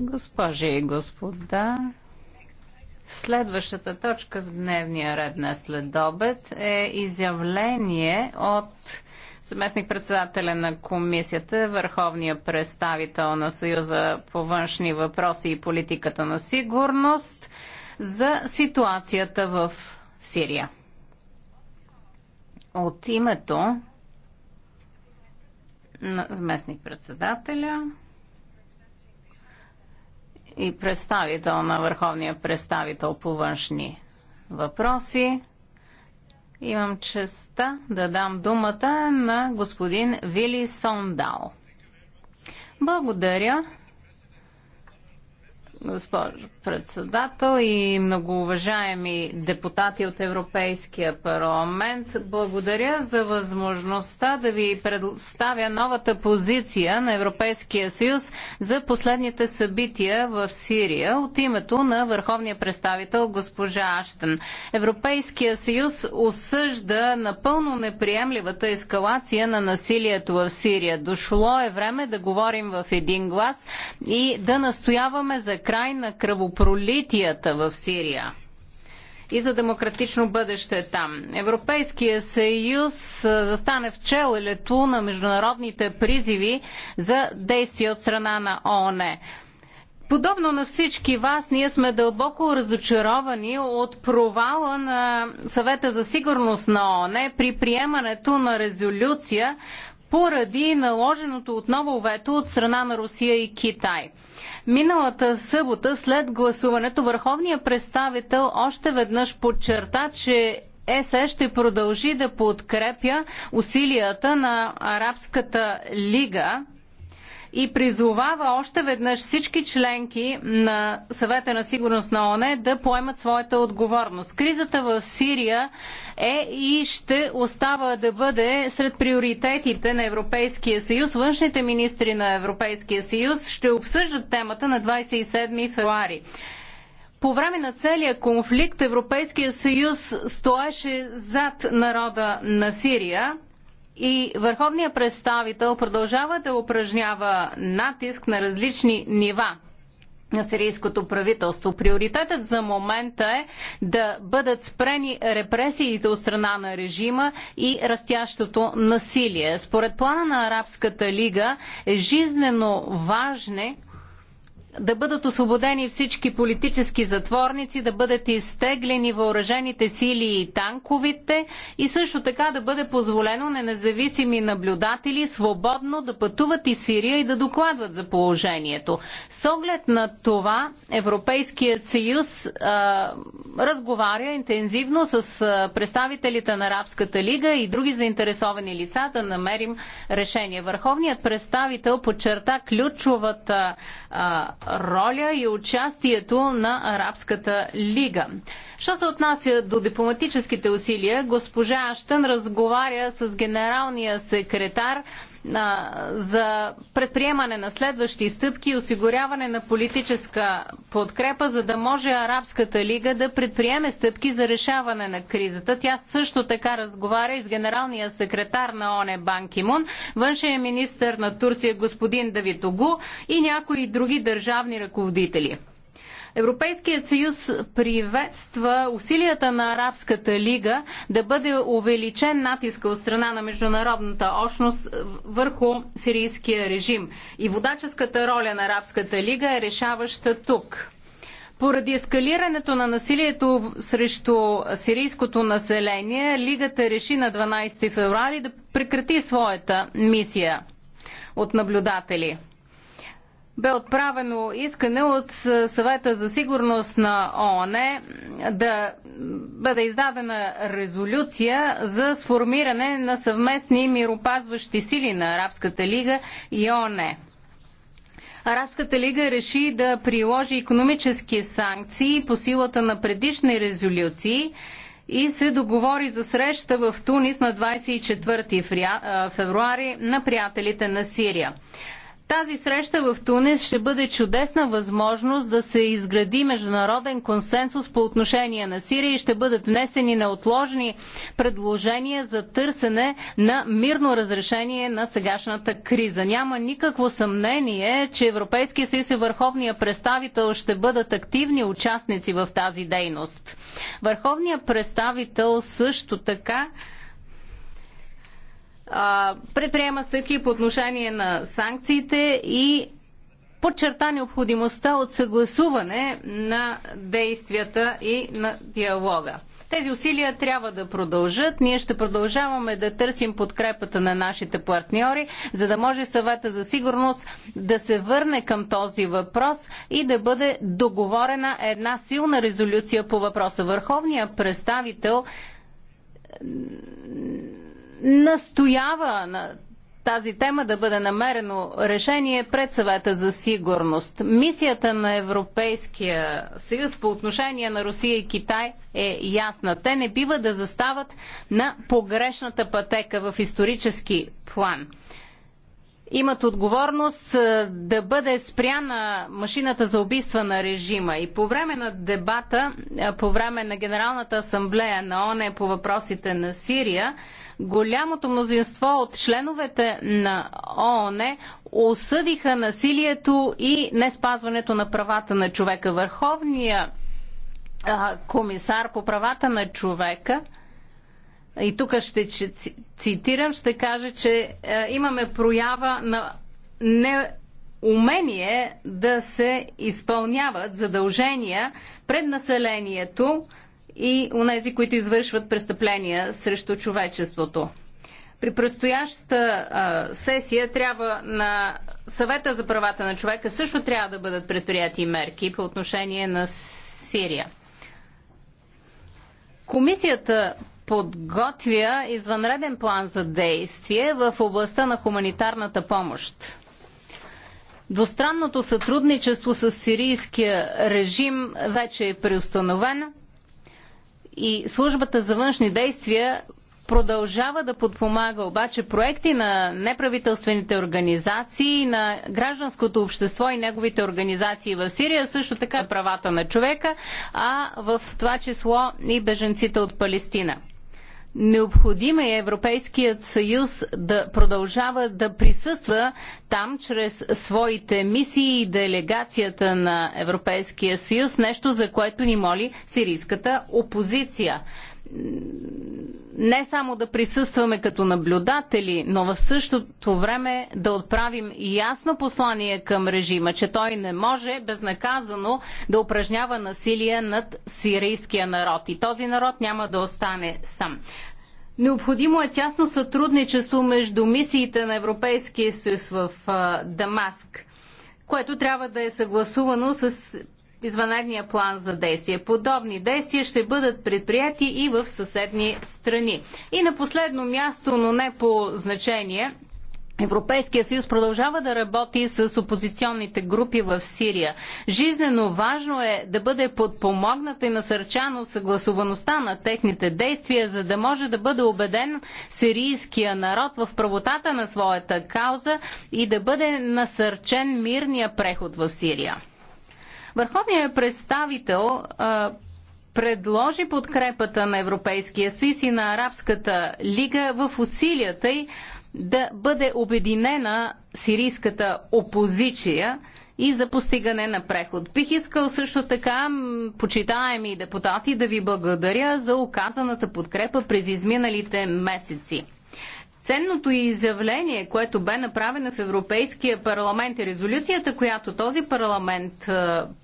Госпожи и господа, следващата точка в дневния ред на следобед е изявление от заместник председателя на комисията, върховния представител на Съюза по външни въпроси и политиката на сигурност за ситуацията в Сирия. От името на заместник-председателя и представител на върховния представител по външни въпроси. Имам честа да дам думата на господин Вили Сондал. Благодаря госпожо председател и многоуважаеми депутати от Европейския парламент. Благодаря за възможността да ви представя новата позиция на Европейския съюз за последните събития в Сирия от името на върховния представител госпожа Аштен. Европейския съюз осъжда напълно неприемливата ескалация на насилието в Сирия. Дошло е време да говорим в един глас и да настояваме за край край на кръвопролитията в Сирия и за демократично бъдеще там. Европейския съюз застане в челелето на международните призиви за действия от страна на ООН. Подобно на всички вас, ние сме дълбоко разочаровани от провала на съвета за сигурност на ООН при приемането на резолюция поради наложеното отново вето от страна на Русия и Китай. Миналата събота след гласуването върховният представител още веднъж подчерта, че ЕСЕ ще продължи да подкрепя усилията на Арабската лига и призовава още веднъж всички членки на съвета на сигурност на ОНЕ да поемат своята отговорност. Кризата в Сирия е и ще остава да бъде сред приоритетите на Европейския съюз. Външните министри на Европейския съюз ще обсъждат темата на 27 февруари. По време на целия конфликт Европейския съюз стоеше зад народа на Сирия и върховният представител продължава да упражнява натиск на различни нива на сирийското правителство. Приоритетът за момента е да бъдат спрени репресиите от страна на режима и растящото насилие. Според плана на Арабската лига е жизнено важне да бъдат освободени всички политически затворници, да бъдат изтеглени въоръжените сили и танковите и също така да бъде позволено на независими наблюдатели свободно да пътуват из Сирия и да докладват за положението. С оглед на това Европейският съюз а, разговаря интензивно с а, представителите на Арабската лига и други заинтересовани лица да намерим решение. Върховният представител подчерта ключовата а, роля и участието на Арабската лига. Що се отнася до дипломатическите усилия, госпожа Аштън разговаря с генералния секретар за предприемане на следващи стъпки и осигуряване на политическа подкрепа, за да може Арабската лига да предприеме стъпки за решаване на кризата. Тя също така разговаря и с генералния секретар на ОНЕ Бан Кимун, външен министр на Турция господин Давид Огу и някои други държавни ръководители. Европейският съюз приветства усилията на Арабската лига да бъде увеличен натиска от страна на международната общност върху сирийския режим. И водаческата роля на Арабската лига е решаваща тук. Поради ескалирането на насилието срещу сирийското население, Лигата реши на 12 февруари да прекрати своята мисия от наблюдатели бе отправено искане от съвета за сигурност на ООН е, да бъде издадена резолюция за сформиране на съвместни миропазващи сили на Арабската лига и ООН. Арабската лига реши да приложи економически санкции по силата на предишни резолюции и се договори за среща в Тунис на 24 февруари на приятелите на Сирия. Тази среща в Тунис ще бъде чудесна възможност да се изгради международен консенсус по отношение на Сирия и ще бъдат внесени неотложни предложения за търсене на мирно разрешение на сегашната криза. Няма никакво съмнение, че Европейския съюз и Върховния представител ще бъдат активни участници в тази дейност. Върховният представител също така предприема стъпки по отношение на санкциите и подчерта необходимостта от съгласуване на действията и на диалога. Тези усилия трябва да продължат. Ние ще продължаваме да търсим подкрепата на нашите партньори, за да може съвета за сигурност да се върне към този въпрос и да бъде договорена една силна резолюция по въпроса. Върховният представител настоява на тази тема да бъде намерено решение пред съвета за сигурност. Мисията на Европейския съюз по отношение на Русия и Китай е ясна. Те не бива да застават на погрешната пътека в исторически план имат отговорност е, да бъде спряна машината за убийства на режима. И по време на дебата, е, по време на Генералната асамблея на ОНЕ по въпросите на Сирия, голямото мнозинство от членовете на ООН осъдиха насилието и не спазването на правата на човека. Върховния е, комисар по правата на човека – и тук ще цитирам, ще кажа, че е, имаме проява на неумение да се изпълняват задължения пред населението и нези, които извършват престъпления срещу човечеството. При предстоящата е, сесия трябва на съвета за правата на човека също трябва да бъдат предприяти мерки по отношение на Сирия. Комисията подготвя извънреден план за действие в областта на хуманитарната помощ. Двустранното сътрудничество с сирийския режим вече е преустановено и службата за външни действия продължава да подпомага обаче проекти на неправителствените организации, на гражданското общество и неговите организации в Сирия, също така правата на човека, а в това число и беженците от Палестина. Необходим е Европейският съюз да продължава да присъства там чрез своите мисии и делегацията на Европейския съюз, нещо за което ни моли сирийската опозиция не само да присъстваме като наблюдатели, но в същото време да отправим ясно послание към режима, че той не може безнаказано да упражнява насилие над сирийския народ. И този народ няма да остане сам. Необходимо е тясно сътрудничество между мисиите на Европейския съюз в Дамаск, което трябва да е съгласувано с извънредния план за действие. Подобни действия ще бъдат предприяти и в съседни страни. И на последно място, но не по значение, Европейския съюз продължава да работи с опозиционните групи в Сирия. Жизнено важно е да бъде подпомогната и насърчано съгласуваността на техните действия, за да може да бъде убеден сирийския народ в правотата на своята кауза и да бъде насърчен мирния преход в Сирия. Върховният представител а, предложи подкрепата на Европейския съюз и на Арабската лига в усилията й да бъде обединена сирийската опозиция и за постигане на преход. Бих искал също така, почитаеми депутати, да ви благодаря за оказаната подкрепа през изминалите месеци. Ценното изявление, което бе направено в Европейския парламент и резолюцията, която този парламент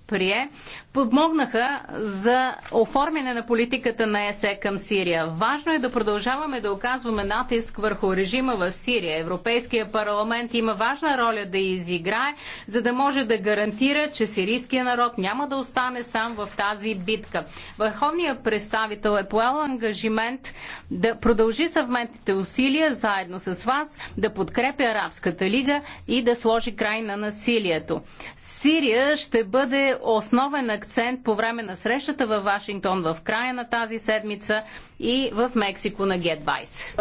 прие, подмогнаха за оформяне на политиката на ЕСЕ към Сирия. Важно е да продължаваме да оказваме натиск върху режима в Сирия. Европейския парламент има важна роля да изиграе, за да може да гарантира, че сирийския народ няма да остане сам в тази битка. Върховният представител е поел ангажимент да продължи съвместните усилия заедно с вас, да подкрепя Арабската лига и да сложи край на насилието. Сирия ще бъде основен акцент по време на срещата във Вашингтон в края на тази седмица и в Мексико на Get Vice.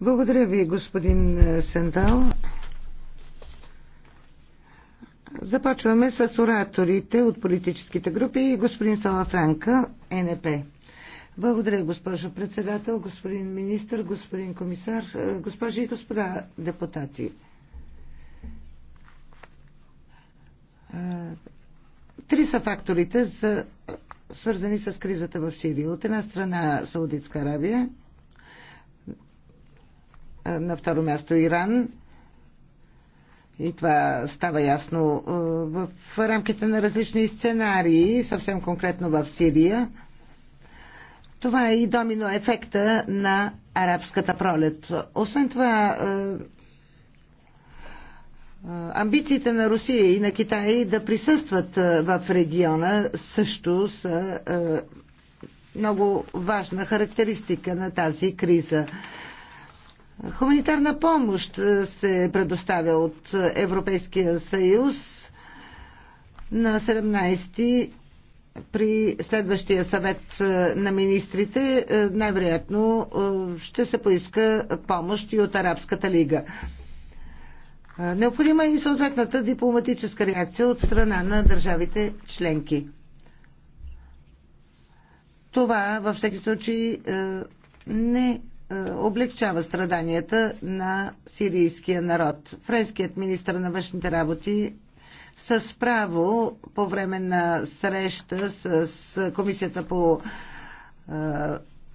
Благодаря ви, господин е, Сендал. Започваме с ораторите от политическите групи и господин Салафранка, НП. Благодаря, госпожо председател, господин министр, господин комисар, е, госпожи и господа депутати. Три са факторите, за, свързани с кризата в Сирия. От една страна Саудитска Арабия, на второ място Иран, и това става ясно в рамките на различни сценарии, съвсем конкретно в Сирия. Това е и домино ефекта на арабската пролет. Освен това, Амбициите на Русия и на Китай да присъстват в региона също са много важна характеристика на тази криза. Хуманитарна помощ се предоставя от Европейския съюз на 17 при следващия съвет на министрите най-вероятно ще се поиска помощ и от Арабската лига. Необходима е и съответната дипломатическа реакция от страна на държавите членки. Това във всеки случай не облегчава страданията на сирийския народ. Френският министр на външните работи с право по време на среща с Комисията по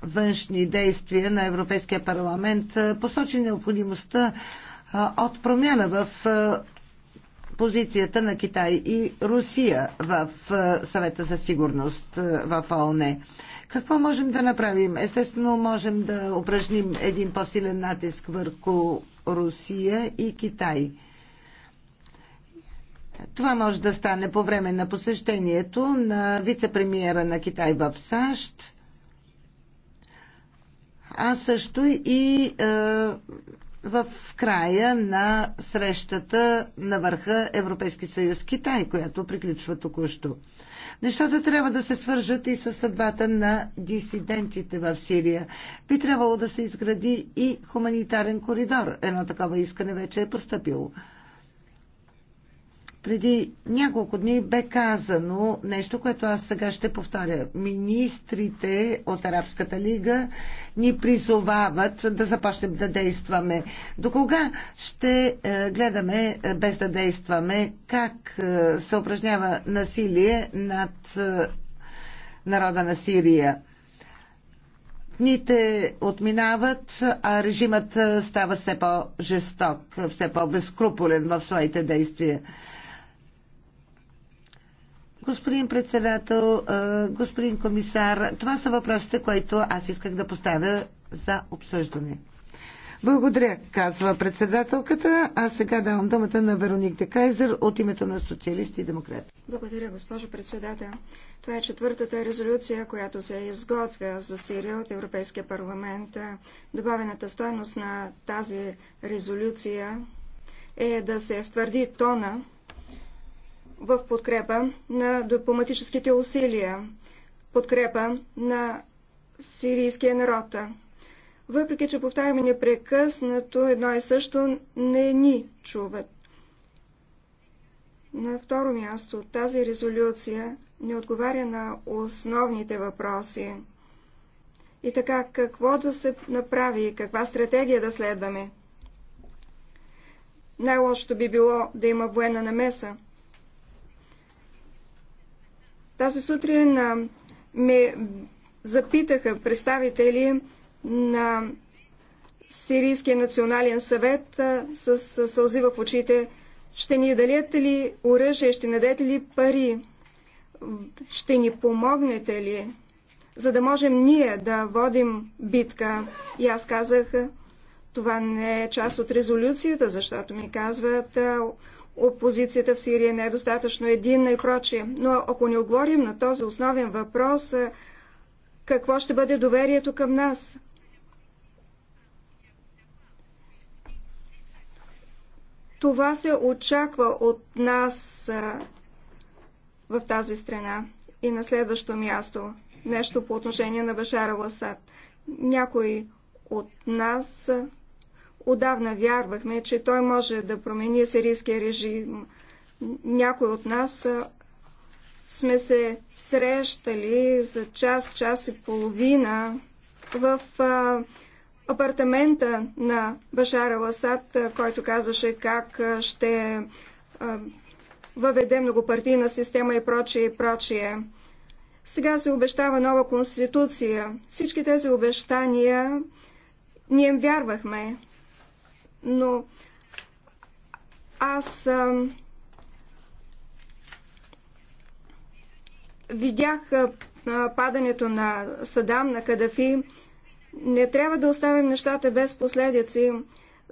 външни действия на Европейския парламент посочи необходимостта от промяна в позицията на Китай и Русия в съвета за сигурност в ООН. Какво можем да направим? Естествено, можем да упражним един по-силен натиск върху Русия и Китай. Това може да стане по време на посещението на вице-премиера на Китай в САЩ, а също и е, в края на срещата на върха Европейски съюз Китай, която приключва току-що. Нещата трябва да се свържат и с съдбата на дисидентите в Сирия. Би трябвало да се изгради и хуманитарен коридор. Едно такова искане вече е поступило. Преди няколко дни бе казано нещо, което аз сега ще повторя. Министрите от Арабската лига ни призовават да започнем да действаме. До кога ще е, гледаме е, без да действаме как е, се упражнява насилие над народа на Сирия? Дните отминават, а режимът става все по-жесток, все по-безкруполен в своите действия. Господин председател, господин комисар, това са въпросите, които аз исках да поставя за обсъждане. Благодаря, казва председателката. А сега давам думата на Вероник Декайзер от името на социалисти и демократи. Благодаря, госпожо председател. Това е четвъртата резолюция, която се изготвя за Сирия от Европейския парламент. Добавената стойност на тази резолюция е да се втвърди тона в подкрепа на дипломатическите усилия, подкрепа на сирийския народ. Въпреки, че повтаряме непрекъснато едно и също, не ни чуват. На второ място, тази резолюция не отговаря на основните въпроси. И така, какво да се направи, каква стратегия да следваме? Най-лошото би било да има военна намеса. Тази сутрин ме запитаха представители на Сирийския национален съвет с сълзи в очите. Ще ни дадете ли оръжие, ще надете дадете ли пари, ще ни помогнете ли, за да можем ние да водим битка? И аз казах, това не е част от резолюцията, защото ми казват, опозицията в Сирия не е достатъчно единна и прочие. Но ако не оговорим на този основен въпрос, какво ще бъде доверието към нас? Това се очаква от нас в тази страна. И на следващо място, нещо по отношение на Башара Ласад. Някои от нас Отдавна вярвахме, че той може да промени сирийския режим. Някои от нас сме се срещали за час, час и половина в апартамента на Башара Ласад, който казваше как ще въведе многопартийна система и прочие, и прочие. Сега се обещава нова конституция. Всички тези обещания ние им вярвахме но аз а, видях а, падането на Садам, на Кадафи. Не трябва да оставим нещата без последици,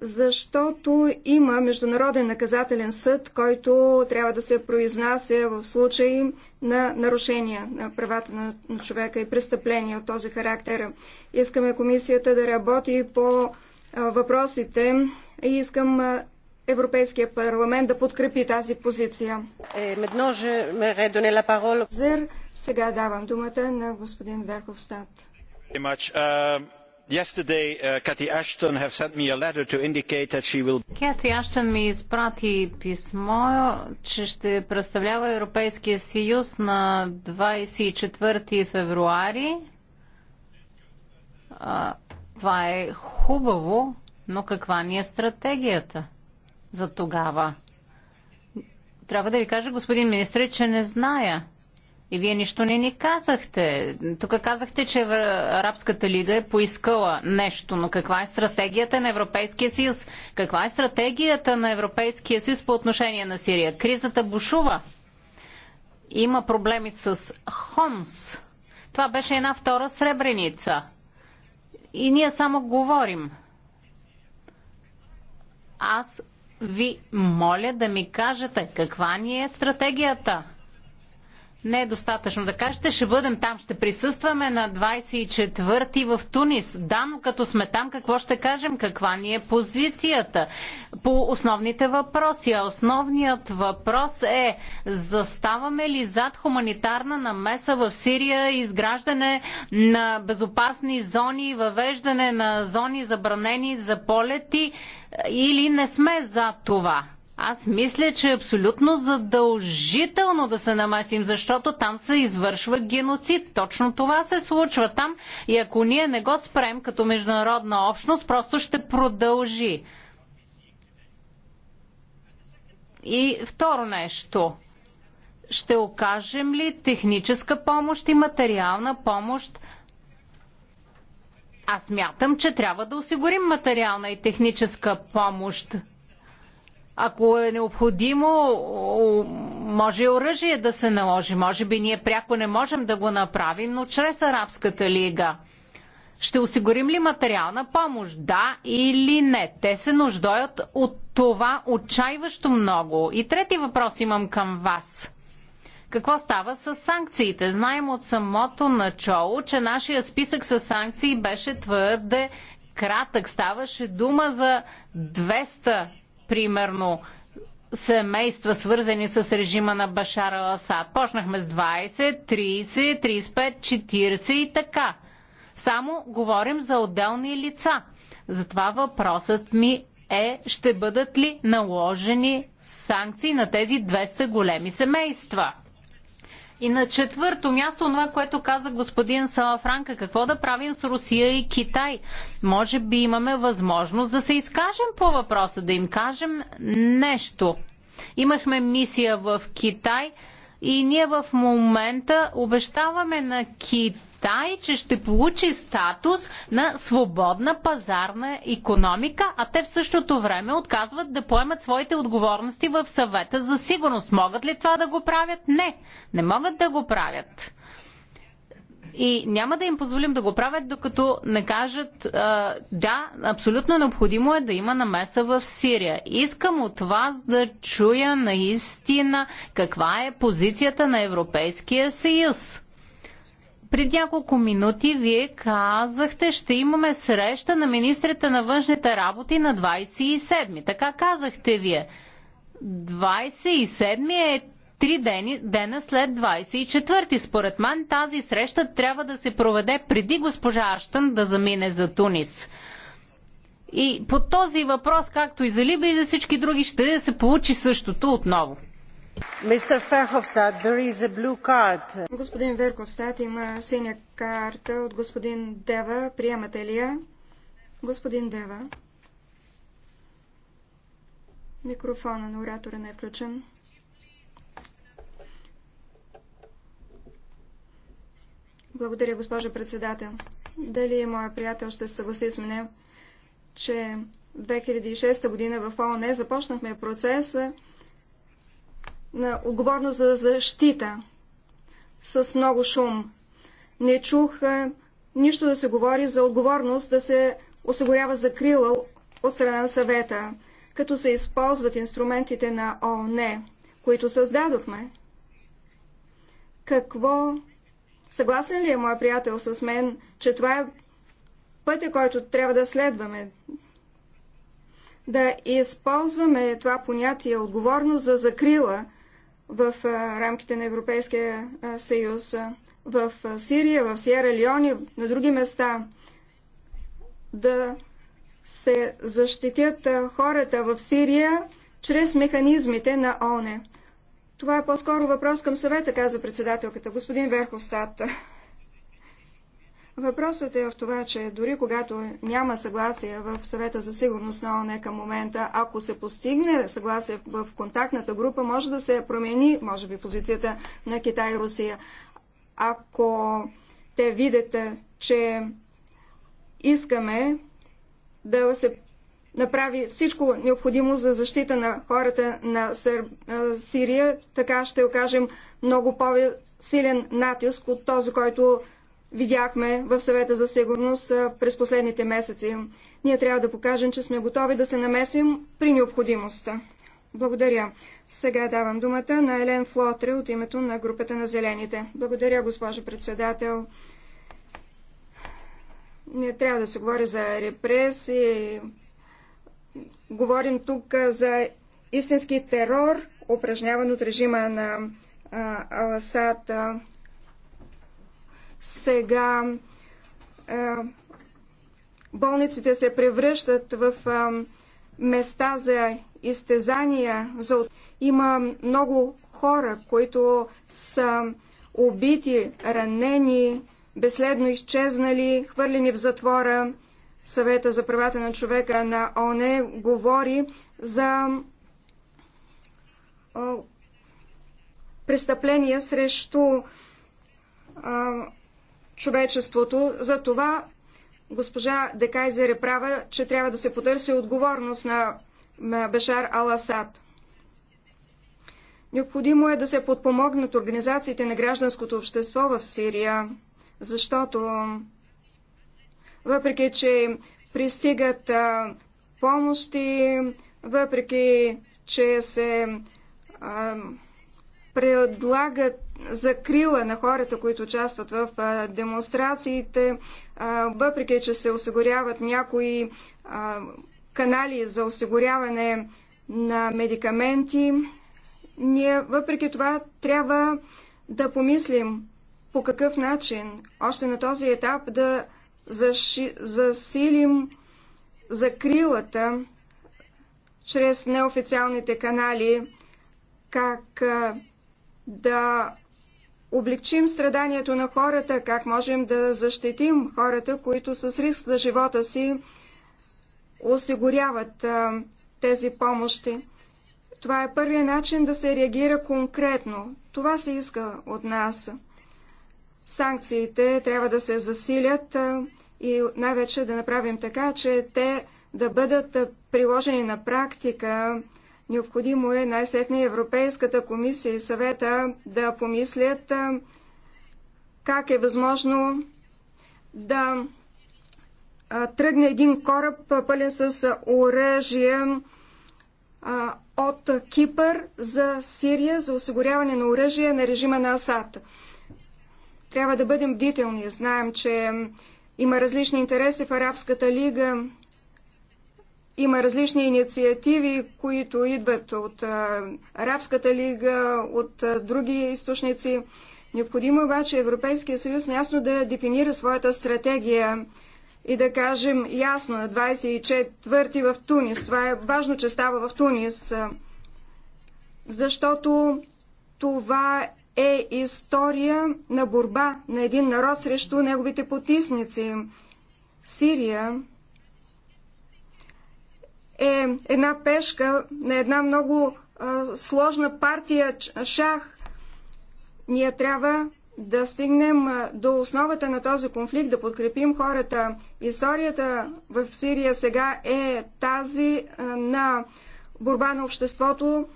защото има Международен наказателен съд, който трябва да се произнася в случаи на нарушения на правата на, на човека и престъпления от този характер. Искаме комисията да работи по въпросите и искам Европейския парламент да подкрепи тази позиция. Е, Зер, сега давам думата на господин Верховстат. Кати Аштън uh, uh, ми изпрати писмо, че ще представлява Европейския съюз на 24 февруари това е хубаво, но каква ни е стратегията за тогава? Трябва да ви кажа, господин министр, че не зная. И вие нищо не ни казахте. Тук казахте, че Арабската лига е поискала нещо, но каква е стратегията на Европейския съюз? Каква е стратегията на Европейския съюз по отношение на Сирия? Кризата бушува. Има проблеми с Хомс. Това беше една втора сребреница – и ние само говорим. Аз ви моля да ми кажете каква ни е стратегията. Не е достатъчно да кажете, ще бъдем там, ще присъстваме на 24-ти в Тунис. Да, но като сме там, какво ще кажем? Каква ни е позицията по основните въпроси? А основният въпрос е, заставаме ли зад хуманитарна намеса в Сирия, изграждане на безопасни зони, въвеждане на зони забранени за полети или не сме за това? Аз мисля, че е абсолютно задължително да се намесим, защото там се извършва геноцид. Точно това се случва там и ако ние не го спрем като международна общност, просто ще продължи. И второ нещо. Ще окажем ли техническа помощ и материална помощ аз мятам, че трябва да осигурим материална и техническа помощ ако е необходимо, може и оръжие да се наложи. Може би ние пряко не можем да го направим, но чрез Арабската лига. Ще осигурим ли материална помощ? Да или не? Те се нуждаят от това отчаиващо много. И трети въпрос имам към вас. Какво става с санкциите? Знаем от самото начало, че нашия списък с санкции беше твърде кратък. Ставаше дума за 200 примерно семейства, свързани с режима на Башар Ласа, Почнахме с 20, 30, 35, 40 и така. Само говорим за отделни лица. Затова въпросът ми е, ще бъдат ли наложени санкции на тези 200 големи семейства? И на четвърто място, това, което каза господин Салафранка, какво да правим с Русия и Китай? Може би имаме възможност да се изкажем по въпроса, да им кажем нещо. Имахме мисия в Китай и ние в момента обещаваме на Китай, Китай, че ще получи статус на свободна пазарна економика, а те в същото време отказват да поемат своите отговорности в съвета за сигурност. Могат ли това да го правят? Не, не могат да го правят и няма да им позволим да го правят, докато не кажат да, абсолютно необходимо е да има намеса в Сирия. Искам от вас да чуя наистина каква е позицията на Европейския съюз. Пред няколко минути вие казахте, ще имаме среща на министрите на външните работи на 27-ми. Така казахте вие. 27-ми е три дени, дена след 24-ти. Според мен тази среща трябва да се проведе преди госпожа Аштън да замине за Тунис. И по този въпрос, както и за Либия и за всички други, ще се получи същото отново. Господин Верховстат има синя карта от господин Дева. Приемате ли я? Господин Дева. Микрофона на оратора не е включен. Благодаря, госпожа председател. Дали е моя приятел ще се съгласи с мене, че 2006 година в ООН започнахме процеса на отговорност за защита с много шум. Не чух е, нищо да се говори за отговорност да се осигурява закрила от страна на съвета, като се използват инструментите на ООН, които създадохме. Какво? Съгласен ли е моя приятел с мен, че това е пътя, който трябва да следваме? Да използваме това понятие отговорност за закрила – в рамките на Европейския съюз, в Сирия, в Сиера Леони, на други места, да се защитят хората в Сирия чрез механизмите на ОНЕ. Това е по-скоро въпрос към съвета, каза председателката, господин Верховстат. Въпросът е в това, че дори когато няма съгласие в съвета за сигурност на ОНЕ към момента, ако се постигне съгласие в контактната група, може да се промени, може би, позицията на Китай и Русия. Ако те видят, че искаме да се направи всичко необходимо за защита на хората на Сър... Сирия, така ще окажем много по-силен натиск от този, който видяхме в съвета за сигурност през последните месеци. Ние трябва да покажем, че сме готови да се намесим при необходимостта. Благодаря. Сега давам думата на Елен Флотре от името на групата на Зелените. Благодаря, госпожо председател. Не трябва да се говори за репресии. Говорим тук за истински терор, упражняван от режима на Аласад. Сега е, болниците се превръщат в е, места за изтезания. За... Има много хора, които са убити, ранени, безследно изчезнали, хвърлени в затвора. Съвета за правата на човека на ОНЕ говори за престъпления срещу човечеството. За това госпожа Декайзер е права, че трябва да се потърси отговорност на Бешар Ал-Асад. Необходимо е да се подпомогнат организациите на гражданското общество в Сирия, защото въпреки, че пристигат помощи, въпреки, че се а, предлагат закрила на хората, които участват в демонстрациите, въпреки че се осигуряват някои канали за осигуряване на медикаменти, ние въпреки това трябва да помислим по какъв начин още на този етап да заши, засилим закрилата чрез неофициалните канали, как да облегчим страданието на хората, как можем да защитим хората, които с риск за живота си осигуряват а, тези помощи. Това е първият начин да се реагира конкретно. Това се иска от нас. Санкциите трябва да се засилят а, и най-вече да направим така, че те да бъдат приложени на практика, Необходимо е най-сетне Европейската комисия и съвета да помислят как е възможно да тръгне един кораб пълен с оръжие от Кипър за Сирия за осигуряване на оръжие на режима на Асад. Трябва да бъдем бдителни. Знаем, че има различни интереси в Арабската лига, има различни инициативи, които идват от Арабската лига, от други източници. Необходимо е обаче Европейския съюз ясно да дефинира своята стратегия и да кажем ясно на 24-ти в Тунис. Това е важно, че става в Тунис, защото това е история на борба на един народ срещу неговите потисници. Сирия е една пешка на една много а, сложна партия шах. Ние трябва да стигнем до основата на този конфликт, да подкрепим хората. Историята в Сирия сега е тази на борба на обществото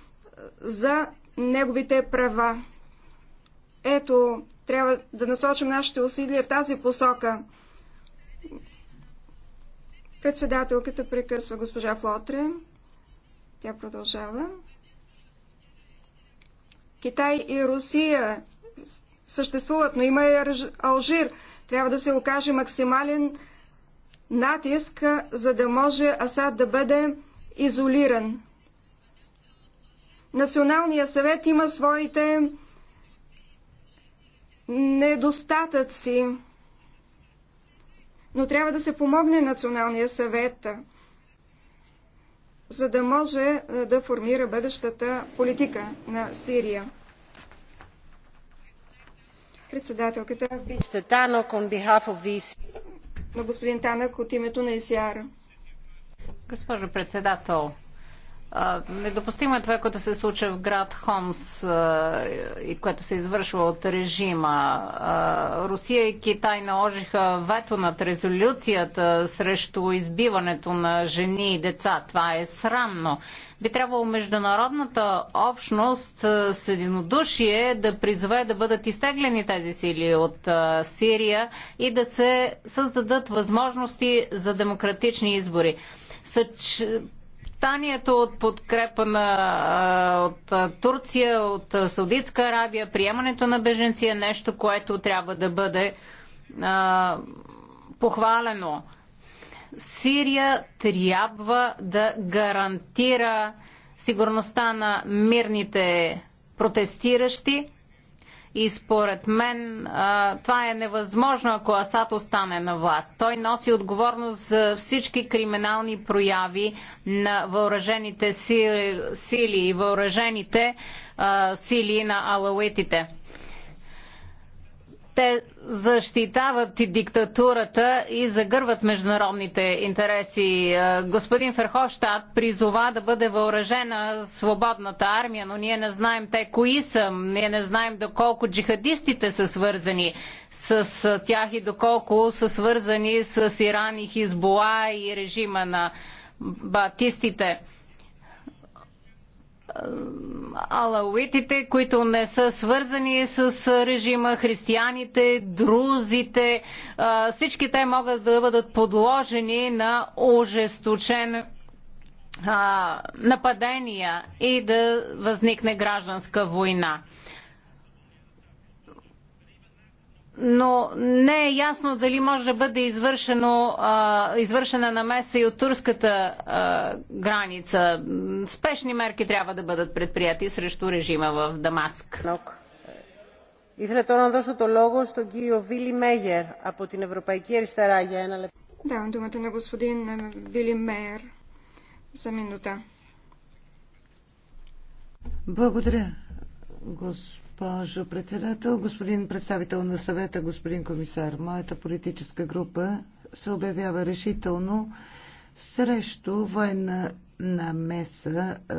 за неговите права. Ето, трябва да насочим нашите усилия в тази посока. Председателката прекъсва госпожа Флотре. Тя продължава. Китай и Русия съществуват, но има и Алжир. Трябва да се окаже максимален натиск, за да може Асад да бъде изолиран. Националният съвет има своите недостатъци но трябва да се помогне Националния съвет, за да може да формира бъдещата политика на Сирия. Председателката на господин Танък от името на ИСИАР. Госпожо председател, Недопустимо е това, което се случва в град Хомс и което се извършва от режима. Русия и Китай наложиха вето над резолюцията срещу избиването на жени и деца. Това е срамно. Би трябвало международната общност с единодушие да призове да бъдат изтеглени тези сили от Сирия и да се създадат възможности за демократични избори Съчетанието от подкрепа на, от Турция, от Саудитска Арабия, приемането на беженци е нещо, което трябва да бъде а, похвалено. Сирия трябва да гарантира сигурността на мирните протестиращи и според мен а, това е невъзможно, ако Асад остане на власт. Той носи отговорност за всички криминални прояви на въоръжените сили, сили и въоръжените а, сили на алауитите. Те защитават и диктатурата и загърват международните интереси. Е, господин Ферховщад призова да бъде въоръжена свободната армия, но ние не знаем те кои са, ние не знаем доколко джихадистите са свързани с е, тях и доколко са свързани с Иран и Хизбола и режима на батистите алауитите, които не са свързани с режима, християните, друзите, всички те могат да бъдат подложени на ожесточен нападения и да възникне гражданска война но не е ясно дали може да бъде извършено, а, извършена намеса и от турската а, граница. Спешни мерки трябва да бъдат предприяти срещу режима в Дамаск. Ήθελα τώρα να δώσω το λόγο στον κύριο Βίλι Μέγερ από την Ευρωπαϊκή Αριστερά για ένα λεπτό. Давам думата на господин Вили Мейер за минута. Благодаря, господин госпожо председател, господин представител на съвета, господин комисар. Моята политическа група се обявява решително срещу военна намеса е,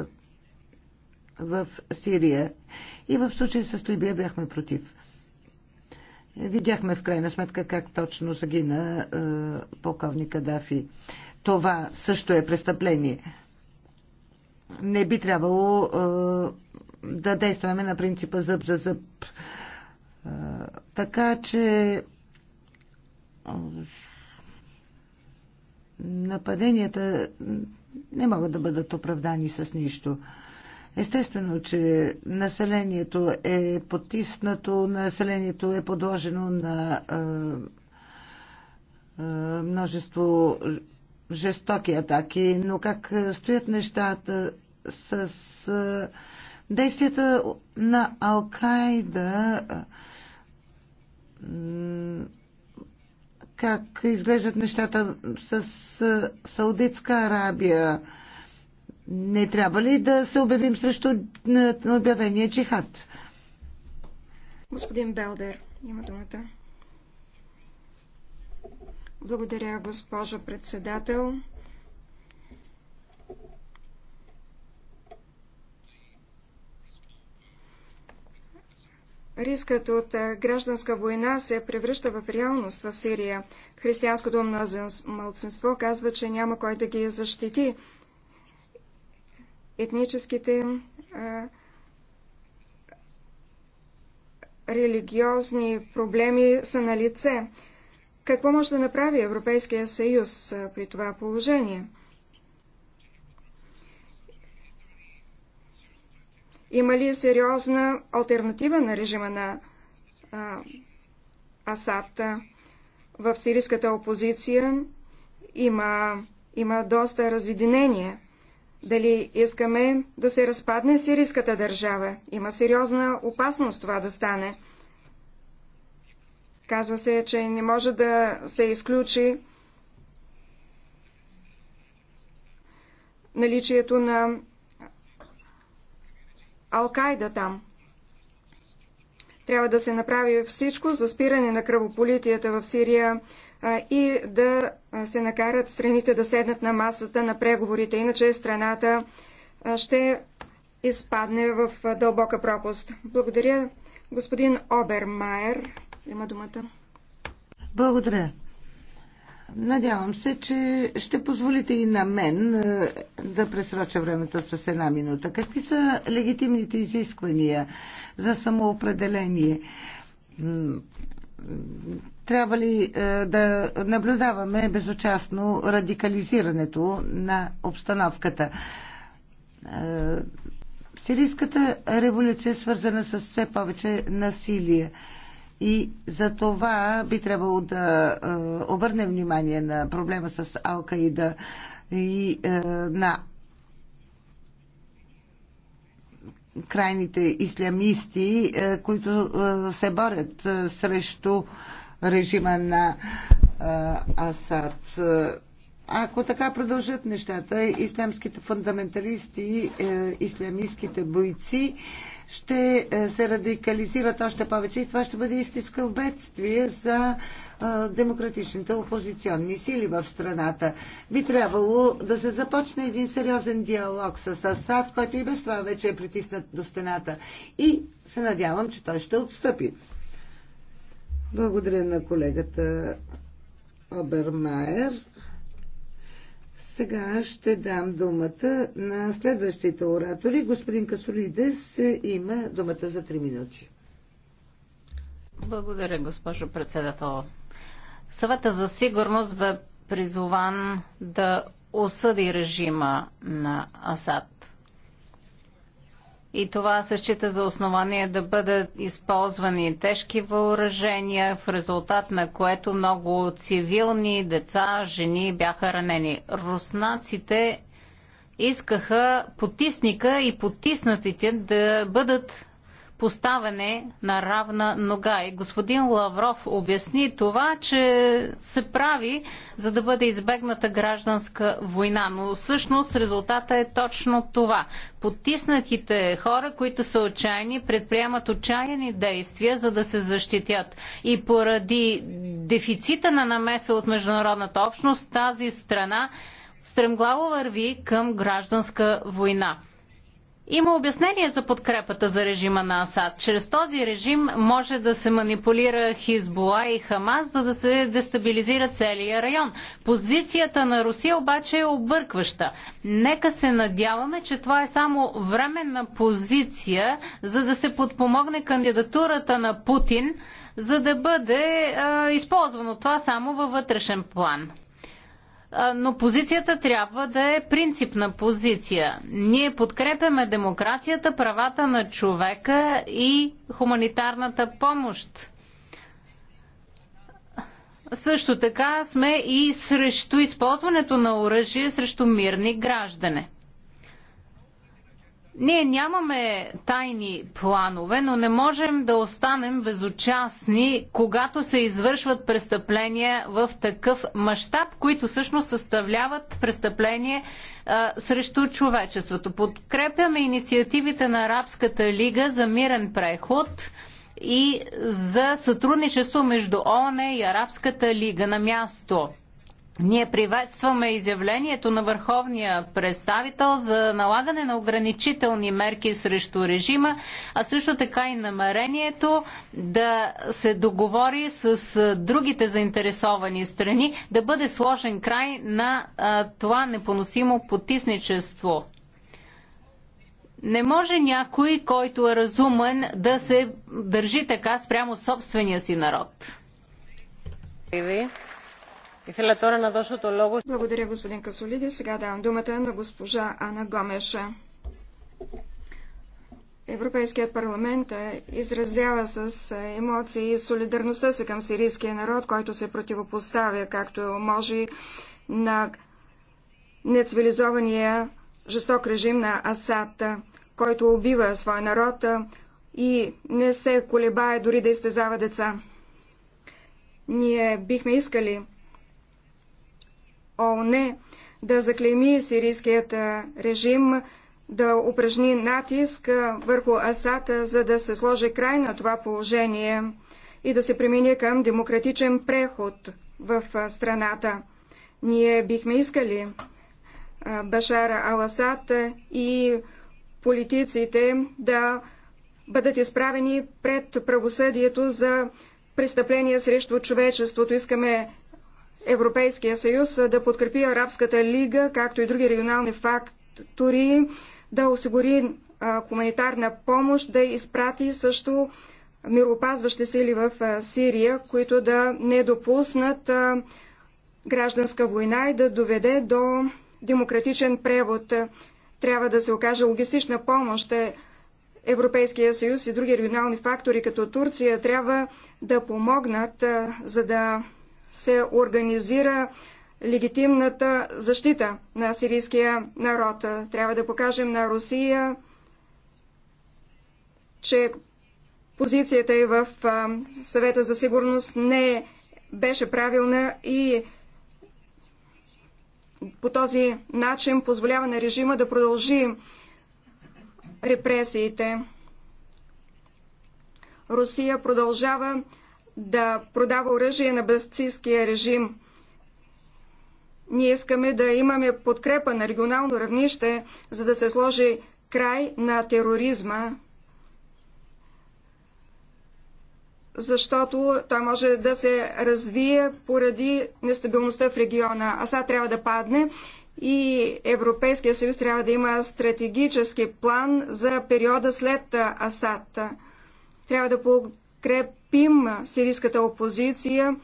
в Сирия. И в случая с Либия бяхме против. Видяхме в крайна сметка как точно загина е, полковника Дафи. Това също е престъпление. Не би трябвало е, да действаме на принципа зъб за зъб. Така че нападенията не могат да бъдат оправдани с нищо. Естествено, че населението е потиснато, населението е подложено на е, е, множество жестоки атаки, но как стоят нещата с. Е, Действията на Алкайда как изглеждат нещата с Саудитска Арабия. Не трябва ли да се обявим срещу обявения джихад? Господин Белдер, има думата. Благодаря, госпожо председател. Рискът от гражданска война се превръща в реалност в Сирия. Християнското мълцинство казва, че няма кой да ги защити. Етническите, а, религиозни проблеми са на лице. Какво може да направи Европейския съюз при това положение? Има ли сериозна альтернатива на режима на а, Асад в сирийската опозиция? Има, има доста разединение. Дали искаме да се разпадне сирийската държава? Има сериозна опасност това да стане. Казва се, че не може да се изключи наличието на Алкайда там. Трябва да се направи всичко за спиране на кръвополитията в Сирия и да се накарат страните да седнат на масата на преговорите, иначе страната ще изпадне в дълбока пропаст. Благодаря, господин Обермайер. Има думата. Благодаря. Надявам се, че ще позволите и на мен е, да пресроча времето с една минута. Какви са легитимните изисквания за самоопределение? Трябва ли е, да наблюдаваме безучастно радикализирането на обстановката? Е, Сирийската революция е свързана с все повече насилие. И за това би трябвало да е, обърнем внимание на проблема с Алкаида и е, на крайните ислямисти, е, които се борят срещу режима на Асад. Ако така продължат нещата, ислямските фундаменталисти, е, исламистските бойци ще е, се радикализират още повече и това ще бъде истинско бедствие за е, демократичните опозиционни сили в страната. Би трябвало да се започне един сериозен диалог с Асад, който и без това вече е притиснат до стената. И се надявам, че той ще отстъпи. Благодаря на колегата Обермайер. Сега ще дам думата на следващите оратори. Господин Касолидес има думата за 3 минути. Благодаря, госпожо председател. Съвета за сигурност бе призован да осъди режима на Асад и това се счита за основание да бъдат използвани тежки въоръжения, в резултат на което много цивилни деца, жени бяха ранени. Руснаците искаха потисника и потиснатите да бъдат поставяне на равна нога. И господин Лавров обясни това, че се прави за да бъде избегната гражданска война. Но всъщност резултата е точно това. Потиснатите хора, които са отчаяни, предприемат отчаяни действия, за да се защитят. И поради дефицита на намеса от международната общност, тази страна стремглаво върви към гражданска война. Има обяснение за подкрепата за режима на Асад. Чрез този режим може да се манипулира Хизбола и Хамас, за да се дестабилизира целия район. Позицията на Русия обаче е объркваща. Нека се надяваме, че това е само временна позиция, за да се подпомогне кандидатурата на Путин, за да бъде е, използвано това само във вътрешен план но позицията трябва да е принципна позиция. Ние подкрепяме демокрацията, правата на човека и хуманитарната помощ. Също така сме и срещу използването на оръжие срещу мирни граждане. Ние нямаме тайни планове, но не можем да останем безучастни, когато се извършват престъпления в такъв мащаб, които всъщност съставляват престъпление а, срещу човечеството. Подкрепяме инициативите на Арабската лига за мирен преход и за сътрудничество между ООН и Арабската лига на място. Ние приветстваме изявлението на върховния представител за налагане на ограничителни мерки срещу режима, а също така и намерението да се договори с другите заинтересовани страни да бъде сложен край на а, това непоносимо потисничество. Не може някой, който е разумен, да се държи така спрямо собствения си народ. Благодаря, господин Касолиди. Сега давам думата на госпожа Ана Гомеша. Европейският парламент е изразява с емоции и солидарността си към сирийския народ, който се противопоставя както може на нецивилизования жесток режим на Асад, който убива своя народ и не се колебае дори да изтезава деца. Ние бихме искали ООН да заклейми сирийският режим, да упражни натиск върху Асата, за да се сложи край на това положение и да се премине към демократичен преход в страната. Ние бихме искали Башара Аласад и политиците да бъдат изправени пред правосъдието за престъпления срещу човечеството. Искаме Европейския съюз да подкрепи Арабската лига, както и други регионални фактори, да осигури хуманитарна помощ, да изпрати също миропазващи сили в Сирия, които да не допуснат гражданска война и да доведе до демократичен превод. Трябва да се окаже логистична помощ. Европейския съюз и други регионални фактори, като Турция, трябва да помогнат, за да се организира легитимната защита на сирийския народ. Трябва да покажем на Русия, че позицията и в съвета за сигурност не беше правилна и по този начин позволява на режима да продължи репресиите. Русия продължава да продава оръжие на бастийския режим. Ние искаме да имаме подкрепа на регионално равнище, за да се сложи край на тероризма, защото той може да се развие поради нестабилността в региона. Асад трябва да падне и Европейския съюз трябва да има стратегически план за периода след Асад. Трябва да подкрепи подкрепим сирийската опозиция,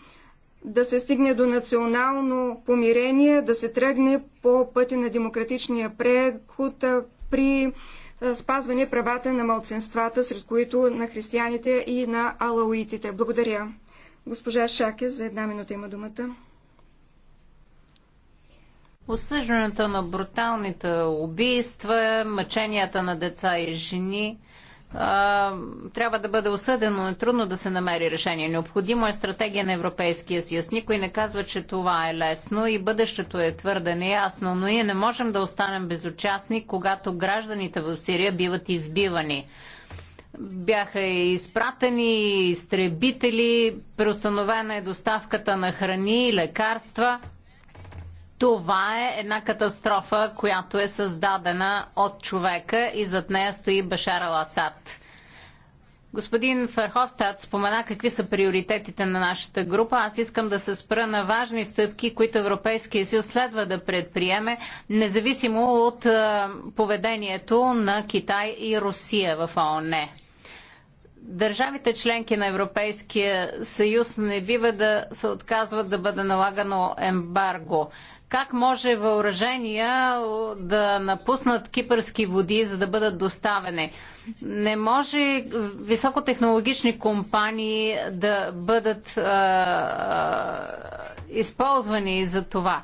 да се стигне до национално помирение, да се тръгне по пътя на демократичния преход при спазване правата на малцинствата, сред които на християните и на алауитите. Благодаря. Госпожа Шаке, за една минута има думата. Осъждането на бруталните убийства, мъченията на деца и жени – трябва да бъде осъдено, но е трудно да се намери решение. Необходимо е стратегия на Европейския съюз. Никой не казва, че това е лесно и бъдещето е твърде неясно, но ние не можем да останем безучастни, когато гражданите в Сирия биват избивани. Бяха изпратени изтребители, преустановена е доставката на храни и лекарства – това е една катастрофа, която е създадена от човека и зад нея стои Башар Аласад. Господин Ферховстад спомена какви са приоритетите на нашата група. Аз искам да се спра на важни стъпки, които Европейския съюз следва да предприеме, независимо от е, поведението на Китай и Русия в ООН. Държавите членки на Европейския съюз не бива да се отказват да бъде налагано ембарго. Как може въоръжения да напуснат кипърски води, за да бъдат доставени? Не може високотехнологични компании да бъдат а, а, използвани за това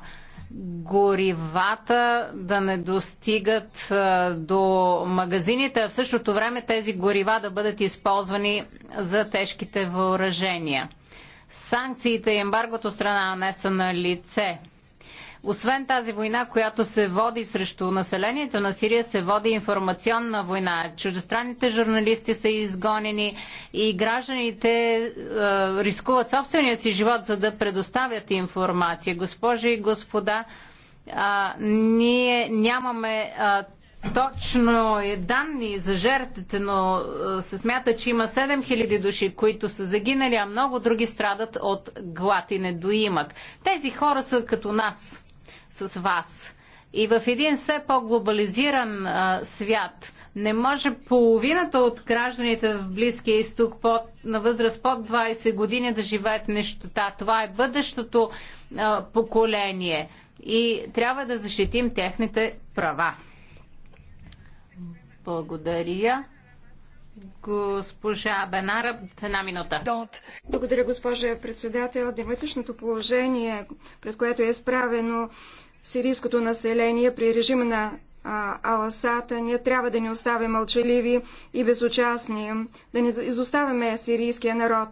горивата да не достигат до магазините, а в същото време тези горива да бъдат използвани за тежките въоръжения. Санкциите и ембаргото страна не са на лице. Освен тази война, която се води срещу населението на Сирия, се води информационна война. Чуждестранните журналисти са изгонени и гражданите е, рискуват собствения си живот, за да предоставят информация. Госпожи и господа, а, ние нямаме а, точно данни за жертвите, но е, се смята, че има 7000 души, които са загинали, а много други страдат от глад и недоимък. Тези хора са като нас с вас. И в един все по-глобализиран свят не може половината от гражданите в Близкия изток под, на възраст под 20 години да живеят нещота. Това е бъдещото а, поколение и трябва да защитим техните права. Благодаря. Госпожа Бенара, една минута. Благодаря, госпожа председател. Демократичното положение, пред което е справено сирийското население при режим на Аласата. Ние трябва да ни оставим мълчаливи и безучастни, да не изоставяме сирийския народ.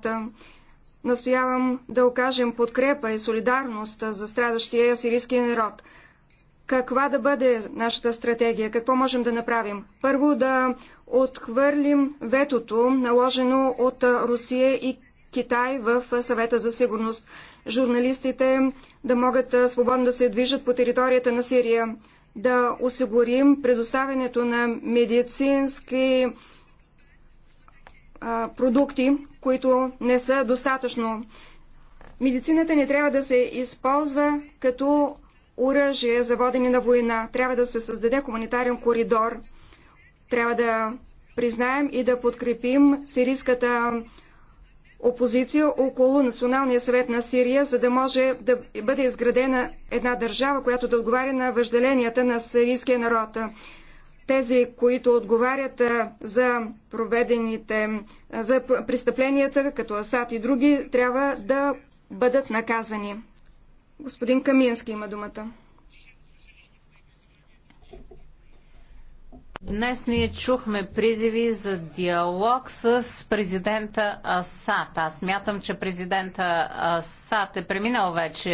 Настоявам да окажем подкрепа и солидарност за страдащия сирийски народ. Каква да бъде нашата стратегия? Какво можем да направим? Първо да отхвърлим ветото, наложено от Русия и Китай в съвета за сигурност журналистите да могат свободно да се движат по територията на Сирия, да осигурим предоставянето на медицински продукти, които не са достатъчно. Медицината не трябва да се използва като оръжие за водене на война. Трябва да се създаде хуманитарен коридор. Трябва да признаем и да подкрепим сирийската опозиция около Националния съвет на Сирия, за да може да бъде изградена една държава, която да отговаря на въжделенията на сирийския народ. Тези, които отговарят за проведените, за престъпленията, като Асад и други, трябва да бъдат наказани. Господин Камински има думата. Днес ние чухме призиви за диалог с президента Асад. Аз мятам, че президента Асад е преминал вече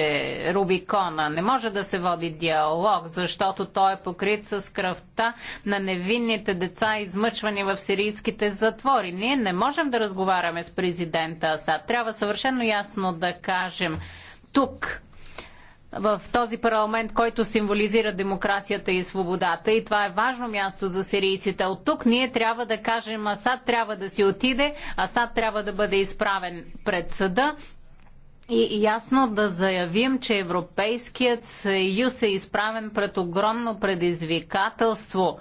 Рубикона. Не може да се води диалог, защото той е покрит с кръвта на невинните деца, измъчвани в сирийските затвори. Ние не можем да разговаряме с президента Асад. Трябва съвършено ясно да кажем тук в този парламент, който символизира демокрацията и свободата. И това е важно място за сирийците. От тук ние трябва да кажем, Асад трябва да си отиде, Асад трябва да бъде изправен пред съда. И ясно да заявим, че Европейският съюз е изправен пред огромно предизвикателство.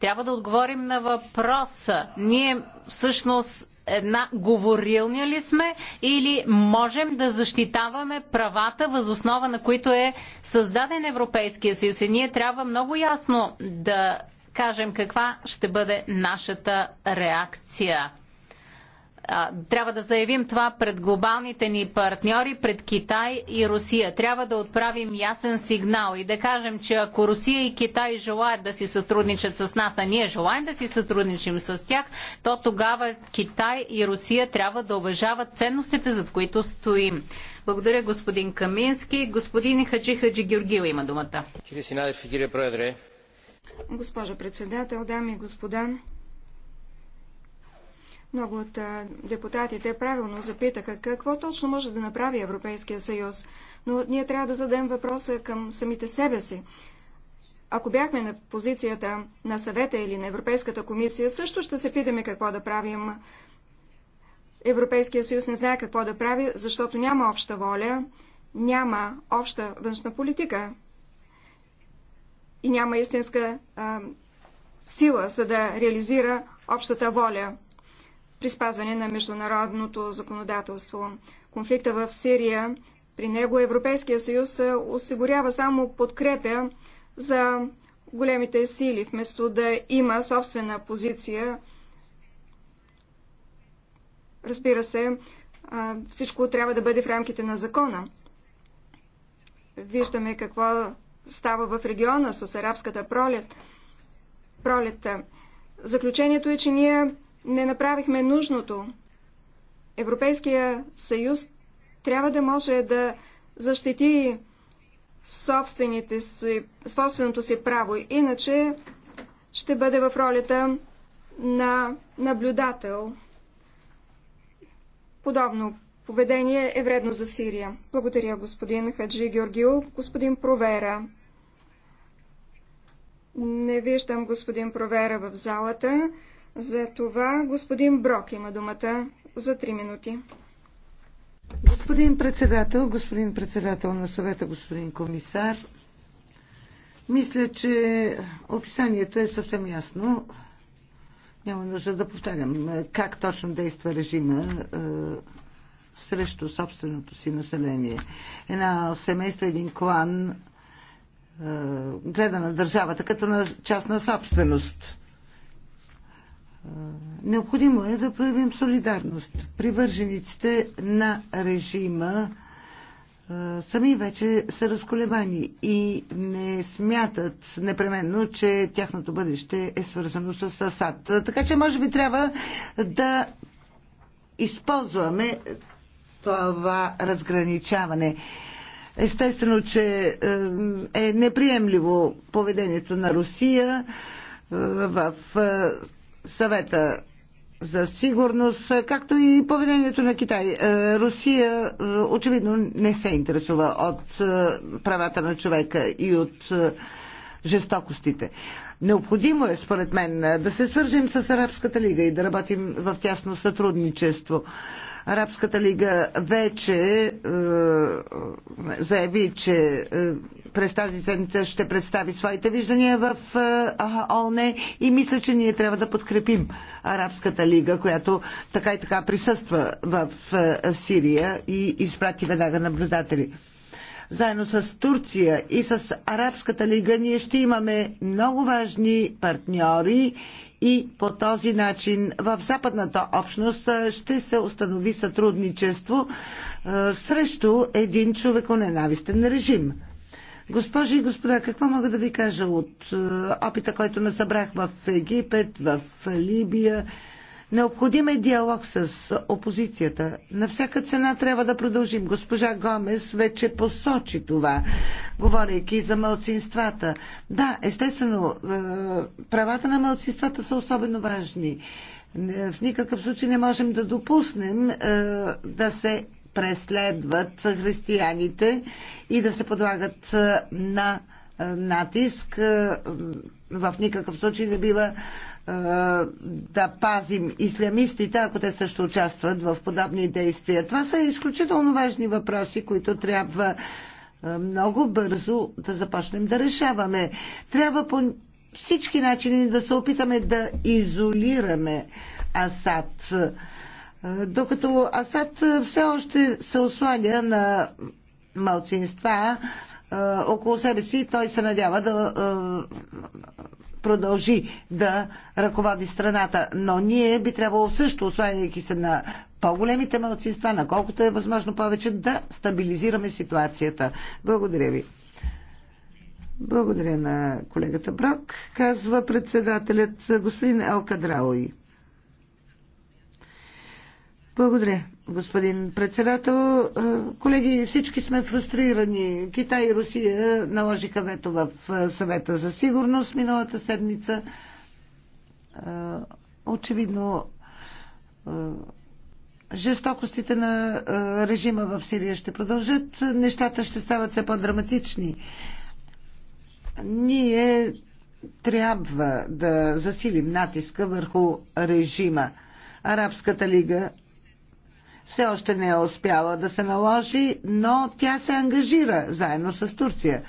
Трябва да отговорим на въпроса. Ние всъщност една говорилня ли сме или можем да защитаваме правата, възоснова на които е създаден Европейския съюз. И ние трябва много ясно да кажем каква ще бъде нашата реакция трябва да заявим това пред глобалните ни партньори, пред Китай и Русия. Трябва да отправим ясен сигнал и да кажем, че ако Русия и Китай желаят да си сътрудничат с нас, а ние желаем да си сътрудничим с тях, то тогава Китай и Русия трябва да уважават ценностите, зад които стоим. Благодаря господин Камински. Господин Хаджи Хаджи Георгиев, има думата. Госпожо председател, дами и господа, много от депутатите правилно запитаха какво точно може да направи Европейския съюз, но ние трябва да зададем въпроса към самите себе си. Ако бяхме на позицията на съвета или на Европейската комисия, също ще се питаме какво да правим. Европейския съюз не знае какво да прави, защото няма обща воля, няма обща външна политика и няма истинска а, сила, за да реализира общата воля при спазване на международното законодателство. Конфликта в Сирия, при него Европейския съюз е, осигурява само подкрепя за големите сили, вместо да има собствена позиция. Разбира се, всичко трябва да бъде в рамките на закона. Виждаме какво става в региона с арабската пролет. пролета. Заключението е, че ние не направихме нужното. Европейския съюз трябва да може да защити си, собственото си право, иначе ще бъде в ролята на наблюдател. Подобно поведение е вредно за Сирия. Благодаря господин Хаджи Георгио, господин Провера. Не виждам господин Провера в залата. За това господин Брок има думата за 3 минути. Господин председател, господин председател на съвета, господин комисар, мисля, че описанието е съвсем ясно. Няма нужда да повтарям е, как точно действа режима е, срещу собственото си население. Една семейство, един клан е, гледа на държавата като на частна собственост Необходимо е да проявим солидарност. Привържениците на режима сами вече са разколебани и не смятат непременно, че тяхното бъдеще е свързано с Асад. Така че, може би, трябва да използваме това разграничаване. Естествено, че е неприемливо поведението на Русия е, в е, съвета за сигурност, както и поведението на Китай. Е, Русия е, очевидно не се интересува от е, правата на човека и от жестокостите. Необходимо е, според мен, да се свържим с Арабската лига и да работим в тясно сътрудничество. Арабската лига вече е, заяви, че е, през тази седмица ще представи своите виждания в е, ООН и мисля, че ние трябва да подкрепим Арабската лига, която така и така присъства в е, Сирия и изпрати веднага наблюдатели. Заедно с Турция и с Арабската лига ние ще имаме много важни партньори и по този начин в западната общност ще се установи сътрудничество срещу един човеконенавистен режим. Госпожи и господа, какво мога да ви кажа от опита, който насъбрах в Египет, в Либия, Необходим е диалог с опозицията. На всяка цена трябва да продължим. Госпожа Гомес вече посочи това, говорейки за мълцинствата. Да, естествено, е, правата на мълцинствата са особено важни. Е, в никакъв случай не можем да допуснем е, да се преследват християните и да се подлагат на натиск. В никакъв случай не бива да пазим ислямистите, ако те също участват в подобни действия. Това са изключително важни въпроси, които трябва много бързо да започнем да решаваме. Трябва по всички начини да се опитаме да изолираме Асад. Докато Асад все още се осланя на малцинства около себе си, той се надява да продължи да ръководи страната. Но ние би трябвало също, осваяйки се на по-големите мълцинства, наколкото е възможно повече, да стабилизираме ситуацията. Благодаря ви. Благодаря на колегата Брок, казва председателят господин Елка Драуи. Благодаря господин председател. Е, колеги, всички сме фрустрирани. Китай и Русия наложиха вето в е, съвета за сигурност миналата седмица. Е, очевидно, жестокостите на режима в Сирия ще продължат. Нещата ще стават все по-драматични. Ние трябва да засилим натиска върху режима. Арабската лига все още не е успяла да се наложи, но тя се ангажира заедно с Турция.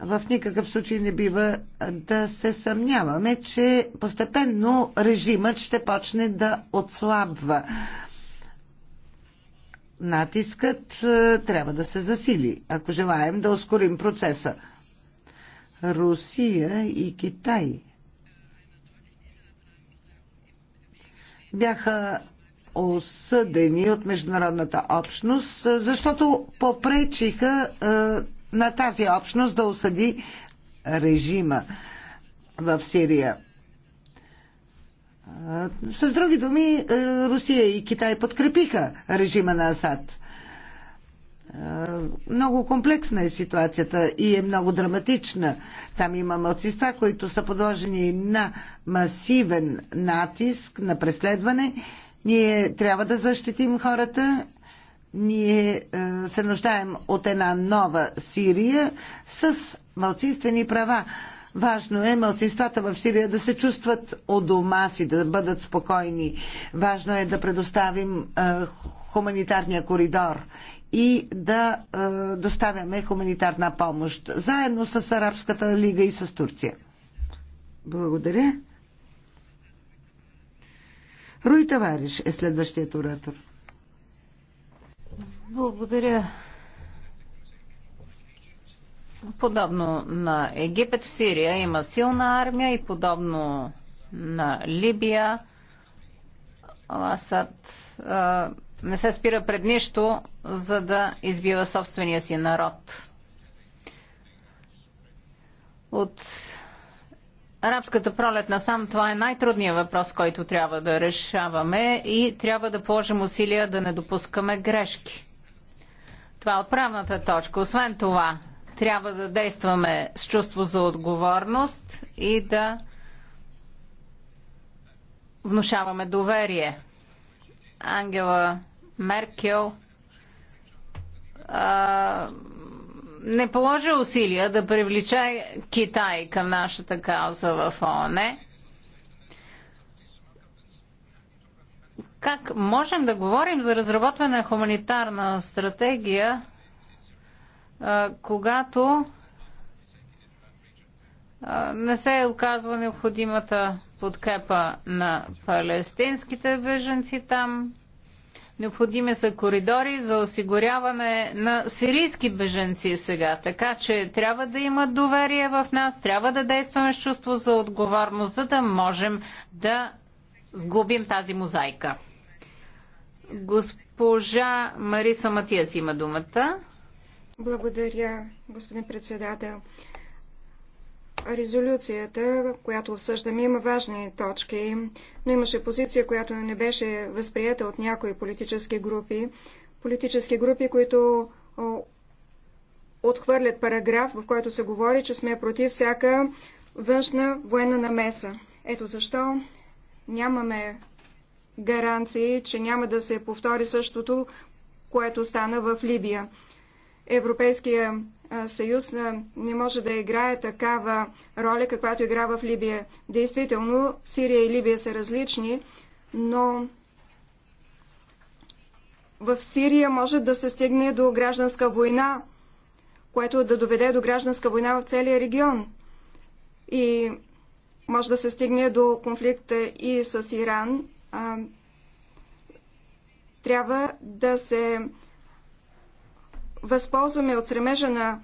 В никакъв случай не бива да се съмняваме, че постепенно режимът ще почне да отслабва. Натискът е, трябва да се засили, ако желаем да ускорим процеса. Русия и Китай бяха осъдени от международната общност, защото попречиха на тази общност да осъди режима в Сирия. С други думи, Русия и Китай подкрепиха режима на Асад. Е, много комплексна е ситуацията и е много драматична. Там има младсиства, които са подложени на масивен натиск, на преследване. Ние трябва да защитим хората. Ние е, се нуждаем от една нова Сирия с мълцинствени права. Важно е мълцинствата в Сирия да се чувстват у дома си, да бъдат спокойни. Важно е да предоставим е, хуманитарния коридор и да доставяме хуманитарна помощ, заедно с Арабската лига и с Турция. Благодаря. Руи Тавариш е следващият оратор. Благодаря. Подобно на Египет в Сирия има силна армия и подобно на Либия Асад не се спира пред нищо, за да избива собствения си народ. От арабската пролет насам това е най-трудният въпрос, който трябва да решаваме и трябва да положим усилия да не допускаме грешки. Това е отправната точка. Освен това, трябва да действаме с чувство за отговорност и да внушаваме доверие. Ангела Меркел а, не положи усилия да привлича Китай към нашата кауза в ООН. Как можем да говорим за разработване на хуманитарна стратегия, а, когато а, не се е оказва необходимата подкрепа на палестинските беженци там, Необходими са коридори за осигуряване на сирийски беженци сега. Така че трябва да имат доверие в нас, трябва да действаме с чувство за отговорност, за да можем да сглобим тази мозайка. Госпожа Мариса Матиас има думата. Благодаря, господин председател резолюцията, която обсъждаме, има важни точки, но имаше позиция, която не беше възприята от някои политически групи. Политически групи, които отхвърлят параграф, в който се говори, че сме против всяка външна военна намеса. Ето защо нямаме гаранции, че няма да се повтори същото, което стана в Либия. Европейския съюз не може да играе такава роля, каквато игра в Либия. Действително, Сирия и Либия са различни, но в Сирия може да се стигне до гражданска война, което да доведе до гражданска война в целия регион. И може да се стигне до конфликта и с Иран. трябва да се възползваме от стремежа на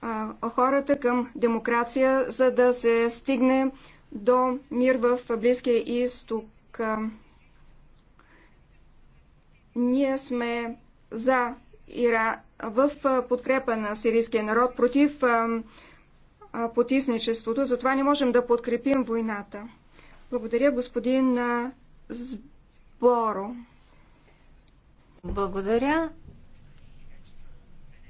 а, хората към демокрация, за да се стигне до мир в Близкия изток. Ние сме за Ира в подкрепа на сирийския народ, против а, а, потисничеството, затова не можем да подкрепим войната. Благодаря, господин Сборо. Благодаря.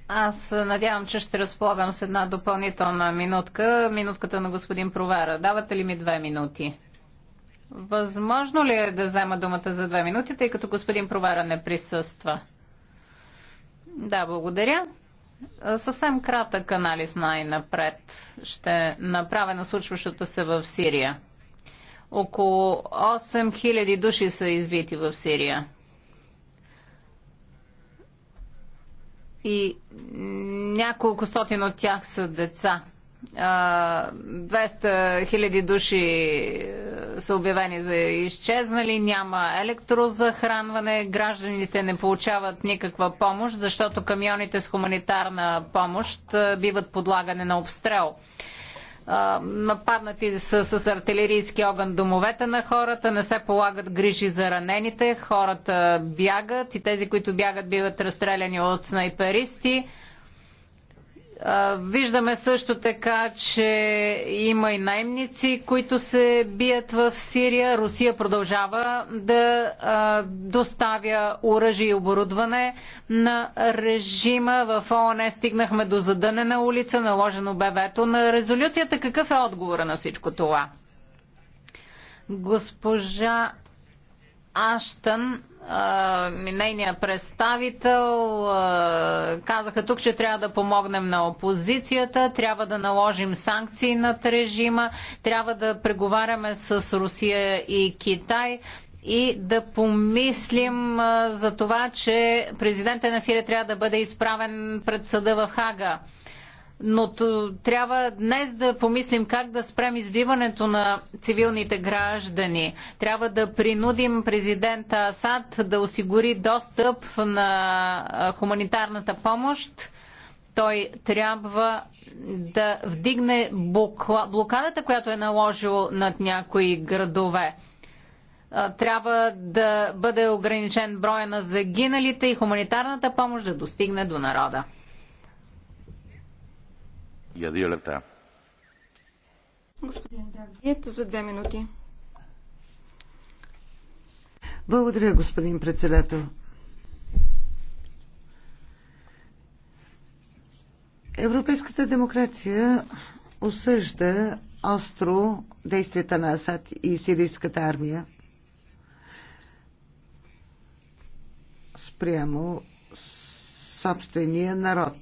Аз надявам, че ще разполагам с една допълнителна минутка. Минутката на господин Провара. Давате ли ми две минути? Възможно ли е да взема думата за две минути, тъй като господин Провара не присъства? Да, благодаря. Съвсем кратък анализ най-напред ще направя на случващото се в Сирия. Около 8000 души са избити в Сирия. и няколко стотин от тях са деца. 200 хиляди души са обявени за изчезнали, няма електрозахранване, гражданите не получават никаква помощ, защото камионите с хуманитарна помощ биват подлагане на обстрел нападнати с, с артилерийски огън домовете на хората, не се полагат грижи за ранените, хората бягат и тези, които бягат, биват разстреляни от снайперисти. Виждаме също така, че има и наемници, които се бият в Сирия. Русия продължава да доставя оръжие и оборудване на режима. В ООН стигнахме до задънена улица, наложено бе вето на резолюцията. Какъв е отговора на всичко това? Госпожа Аштън нейния представител казаха тук, че трябва да помогнем на опозицията, трябва да наложим санкции над режима, трябва да преговаряме с Русия и Китай и да помислим за това, че президента на Сирия трябва да бъде изправен пред съда в Хага но трябва днес да помислим как да спрем избиването на цивилните граждани. Трябва да принудим президента Асад да осигури достъп на хуманитарната помощ. Той трябва да вдигне блокадата, която е наложил над някои градове трябва да бъде ограничен броя на загиналите и хуманитарната помощ да достигне до народа. Господин за две минути. Благодаря, господин председател. Европейската демокрация осъжда остро действията на Асад и сирийската армия спрямо собствения народ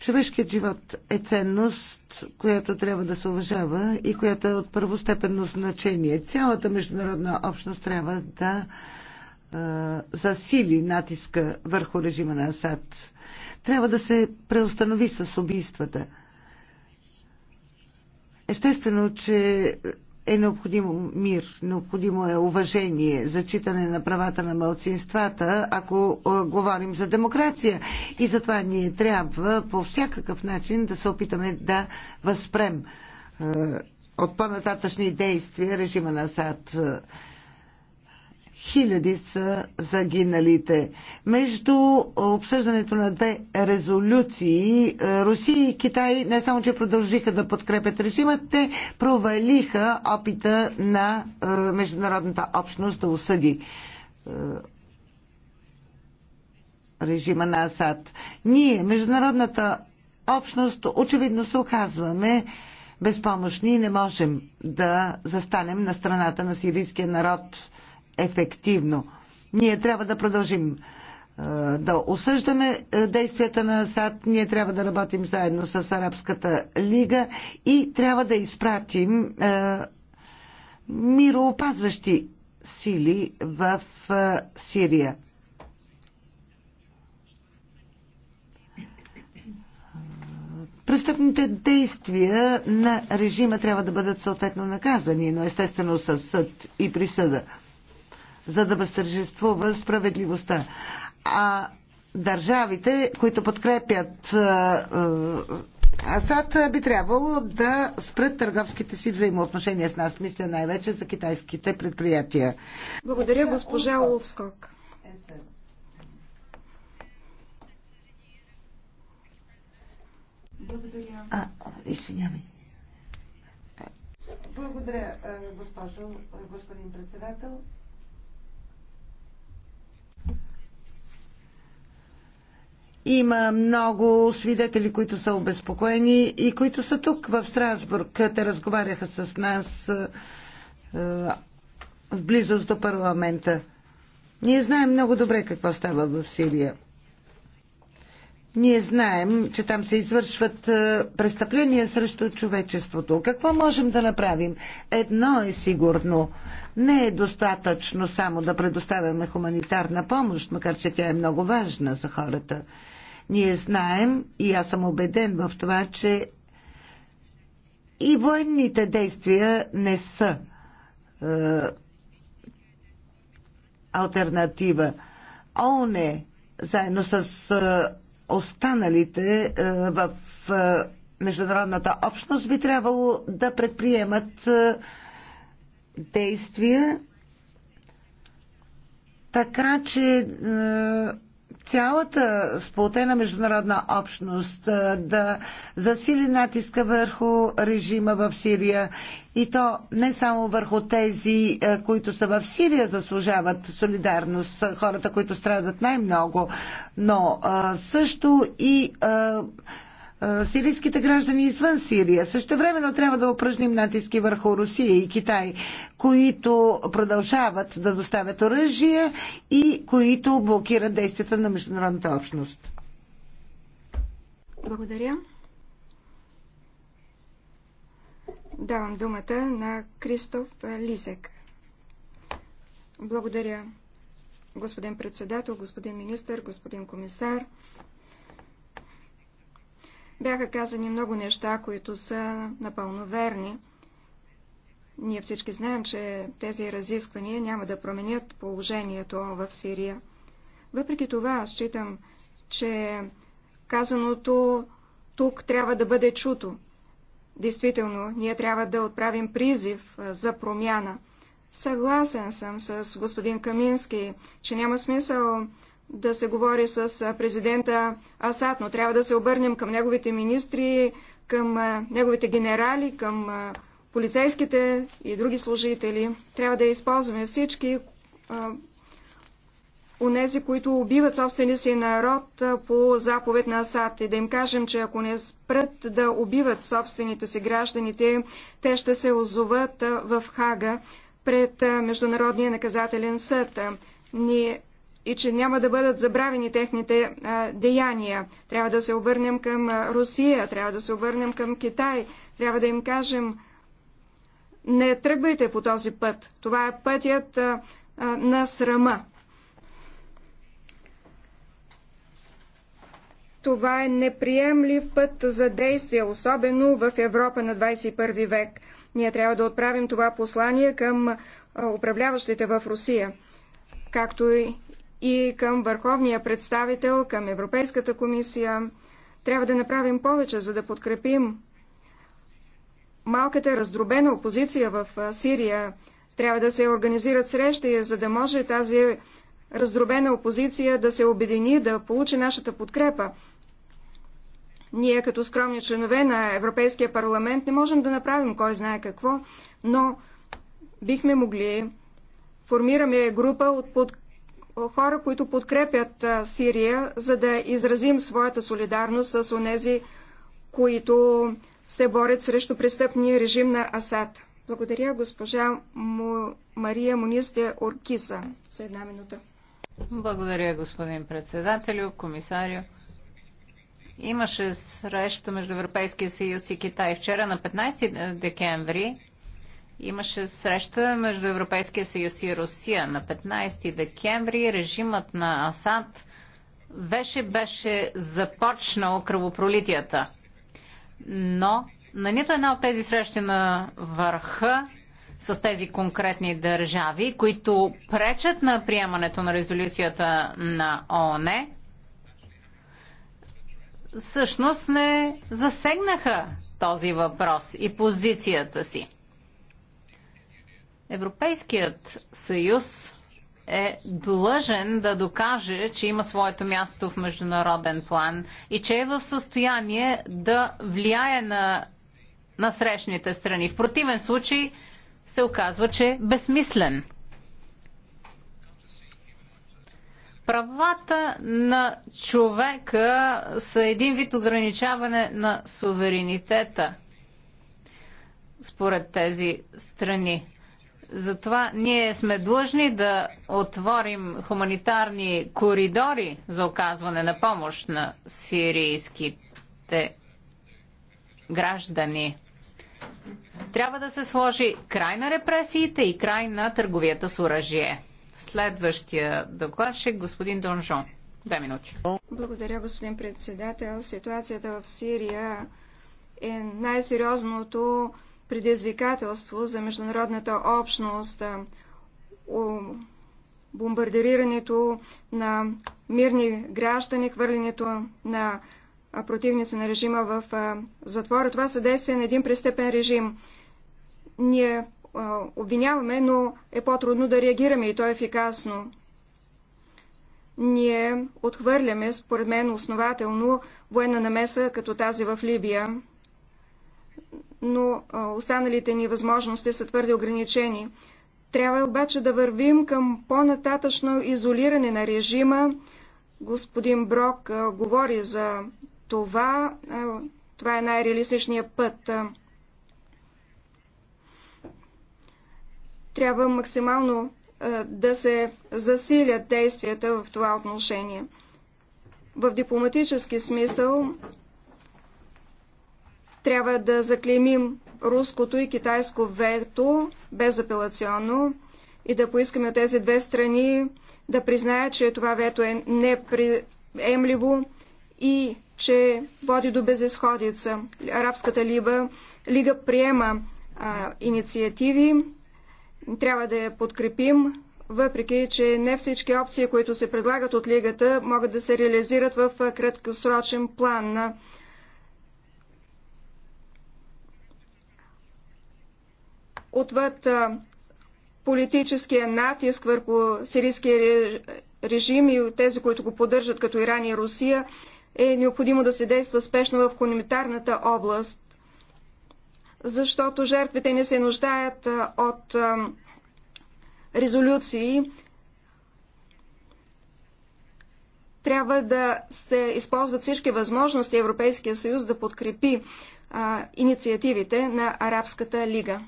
Човешкият живот е ценност, която трябва да се уважава и която е от първостепенно значение. Цялата международна общност трябва да засили натиска върху режима на Асад. Трябва да се преустанови с убийствата. Естествено, че е необходимо мир, необходимо е уважение, зачитане на правата на мълцинствата, ако говорим за демокрация. И затова ние трябва по всякакъв начин да се опитаме да възпрем от по-нататъчни действия режима на САД хиляди са загиналите. Между обсъждането на две резолюции, е, Русия и Китай не само, че продължиха да подкрепят режима, те провалиха опита на е, международната общност да осъди е, режима на Асад. Ние, международната общност, очевидно се оказваме безпомощни и не можем да застанем на страната на сирийския народ ефективно. Ние трябва да продължим е, да осъждаме е, действията на Асад, ние трябва да работим заедно с Арабската лига и трябва да изпратим е, мироопазващи сили в Сирия. Престъпните действия на режима трябва да бъдат съответно наказани, но естествено със съд и присъда за да възтържествува справедливостта. А държавите, които подкрепят Асад, би трябвало да спрат търговските си взаимоотношения с нас. Мисля най-вече за китайските предприятия. Благодаря, госпожа Оловскок. Благодаря. А, извинявай. Благодаря, госпожо, господин председател. Има много свидетели, които са обезпокоени и които са тук в Страсбург. Те разговаряха с нас е, е, в близост до парламента. Ние знаем много добре какво става в Сирия. Ние знаем, че там се извършват е, престъпления срещу човечеството. Какво можем да направим? Едно е сигурно. Не е достатъчно само да предоставяме хуманитарна помощ, макар че тя е много важна за хората. Ние знаем и аз съм убеден в това, че и военните действия не са е, альтернатива. ОНЕ заедно с е, останалите е, в е, международната общност би трябвало да предприемат е, действия така, че цялата сплотена международна общност да засили натиска върху режима в Сирия и то не само върху тези, които са в Сирия, заслужават солидарност, хората, които страдат най-много, но също и сирийските граждани извън Сирия. Същевременно трябва да упражним натиски върху Русия и Китай, които продължават да доставят оръжие и които блокират действията на международната общност. Благодаря. Давам думата на Кристоф Лизек. Благодаря, господин председател, господин министър, господин комисар. Бяха казани много неща, които са напълно верни. Ние всички знаем, че тези разисквания няма да променят положението в Сирия. Въпреки това, аз считам, че казаното тук трябва да бъде чуто. Действително, ние трябва да отправим призив за промяна. Съгласен съм с господин Камински, че няма смисъл да се говори с президента Асад, но трябва да се обърнем към неговите министри, към неговите генерали, към полицейските и други служители. Трябва да използваме всички унези, които убиват собствения си народ по заповед на Асад и да им кажем, че ако не спрат да убиват собствените си гражданите, те ще се озоват в Хага пред Международния наказателен съд. Ние и че няма да бъдат забравени техните а, деяния. Трябва да се обърнем към Русия, трябва да се обърнем към Китай, трябва да им кажем не тръгвайте по този път. Това е пътят а, а, на срама. Това е неприемлив път за действие, особено в Европа на 21 век. Ние трябва да отправим това послание към управляващите в Русия, както и и към върховния представител, към Европейската комисия. Трябва да направим повече, за да подкрепим малката раздробена опозиция в Сирия. Трябва да се организират срещи, за да може тази раздробена опозиция да се обедини, да получи нашата подкрепа. Ние като скромни членове на Европейския парламент не можем да направим кой знае какво, но бихме могли. Формираме група от подкрепа хора, които подкрепят Сирия, за да изразим своята солидарност с онези, които се борят срещу престъпния режим на Асад. Благодаря госпожа Му... Мария Монисте Оркиса за една минута. Благодаря, господин председателю, комисарио. Имаше среща между Европейския съюз и Китай вчера на 15 декември Имаше среща между Европейския съюз и Русия на 15 декември. Режимът на Асад вече беше започнал кръвопролитията. Но на нито една от тези срещи на върха с тези конкретни държави, които пречат на приемането на резолюцията на ООН, всъщност не засегнаха този въпрос и позицията си. Европейският съюз е длъжен да докаже, че има своето място в международен план и че е в състояние да влияе на, на срещните страни. В противен случай се оказва, че е безсмислен. Правата на човека са един вид ограничаване на суверенитета според тези страни. Затова ние сме длъжни да отворим хуманитарни коридори за оказване на помощ на сирийските граждани. Трябва да се сложи край на репресиите и край на търговията с оръжие. Следващия доклад е, господин Донжон. Две минути. Благодаря, господин председател. Ситуацията в Сирия е най-сериозното предизвикателство за международната общност. Бомбардирането на мирни граждани, хвърлянето на противници на режима в затвора. Това са действия на един престъпен режим. Ние обвиняваме, но е по-трудно да реагираме и то е ефикасно. Ние отхвърляме, според мен, основателно военна намеса като тази в Либия но останалите ни възможности са твърде ограничени. Трябва обаче да вървим към по-нататъчно изолиране на режима. Господин Брок а, говори за това. А, това е най-реалистичният път. Трябва максимално а, да се засилят действията в това отношение. В дипломатически смисъл трябва да заклеймим руското и китайско вето безапелационно и да поискаме от тези две страни да признаят, че това вето е неприемливо и че води до безисходица. Арабската лига, лига приема а, инициативи, трябва да я подкрепим, въпреки че не всички опции, които се предлагат от лигата, могат да се реализират в краткосрочен план. отвъд политическия натиск върху сирийския режим и тези, които го поддържат, като Иран и Русия, е необходимо да се действа спешно в комунитарната област, защото жертвите не се нуждаят от резолюции. Трябва да се използват всички възможности Европейския съюз да подкрепи а, инициативите на Арабската лига.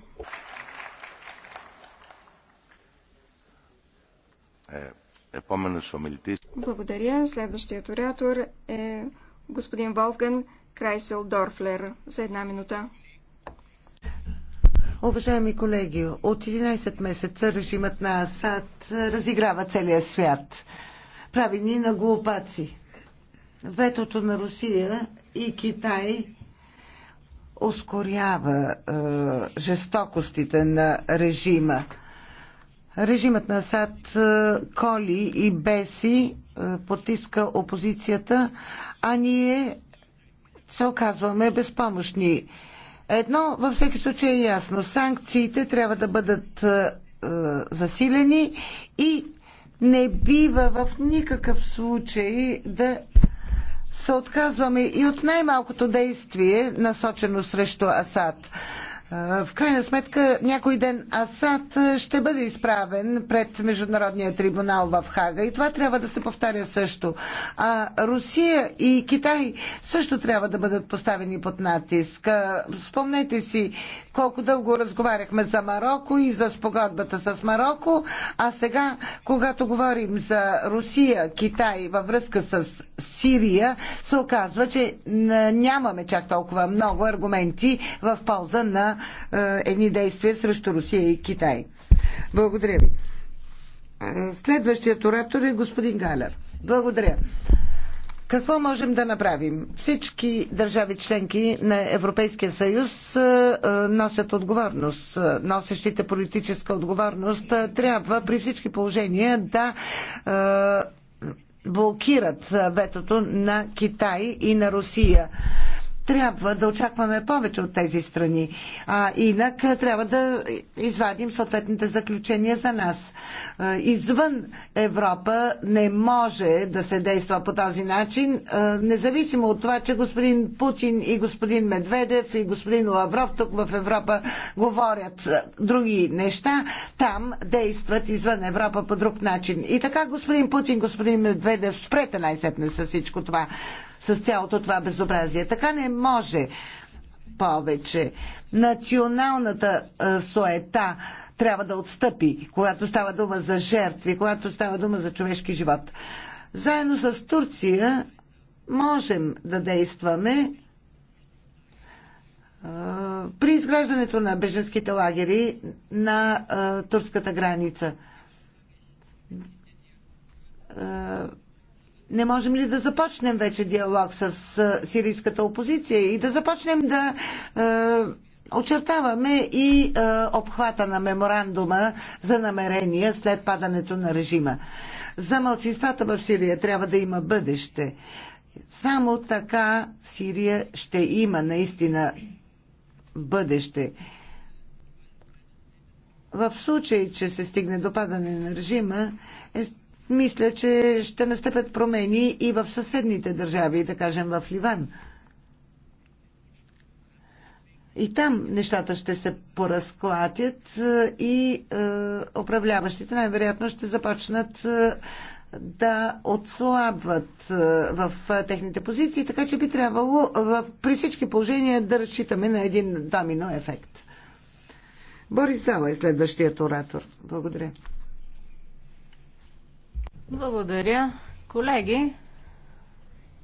Е, Благодаря. Следващият оратор е господин Волфган Крайсел Дорфлер за една минута. Уважаеми колеги, от 11 месеца режимът на Асад разиграва целия свят. Прави ни на глупаци. Ветото на Русия и Китай ускорява е, жестокостите на режима. Режимът на Асад е, коли и беси, е, потиска опозицията, а ние се оказваме безпомощни. Едно във всеки случай е ясно. Санкциите трябва да бъдат е, е засилени и не бива в никакъв случай да се отказваме и от най-малкото действие, насочено срещу Асад. В крайна сметка, някой ден Асад ще бъде изправен пред Международния трибунал в Хага и това трябва да се повтаря също. А Русия и Китай също трябва да бъдат поставени под натиск. Спомнете си колко дълго разговаряхме за Марокко и за спогодбата с Марокко, а сега, когато говорим за Русия, Китай във връзка с Сирия, се оказва, че нямаме чак толкова много аргументи в полза на е, едни действия срещу Русия и Китай. Благодаря ви. Е, следващият оратор е господин Галер. Благодаря. Какво можем да направим? Всички държави членки на Европейския съюз е, носят отговорност. Носещите политическа отговорност трябва при всички положения да блокират ветото на Китай и на Русия трябва да очакваме повече от тези страни. А инак трябва да извадим съответните заключения за нас. Извън Европа не може да се действа по този начин, независимо от това, че господин Путин и господин Медведев и господин Лавров тук в Европа говорят други неща, там действат извън Европа по друг начин. И така, господин Путин, господин Медведев, спрете най-сетне с всичко това с цялото това безобразие. Така не може повече. Националната а, суета трябва да отстъпи, когато става дума за жертви, когато става дума за човешки живот. Заедно с Турция можем да действаме при изграждането на беженските лагери на турската граница не можем ли да започнем вече диалог с сирийската опозиция и да започнем да е, очертаваме и е, обхвата на меморандума за намерения след падането на режима? За мълцинствата в Сирия трябва да има бъдеще. Само така Сирия ще има наистина бъдеще. В случай, че се стигне до падане на режима, е мисля, че ще настъпят промени и в съседните държави, да кажем в Ливан. И там нещата ще се поразклатят е, и е, управляващите най-вероятно ще започнат е, да отслабват е, в е, техните позиции, така че би трябвало е, в, при всички положения да разчитаме на един домино ефект. Борис Зала е следващият оратор. Благодаря. Благодаря. Колеги,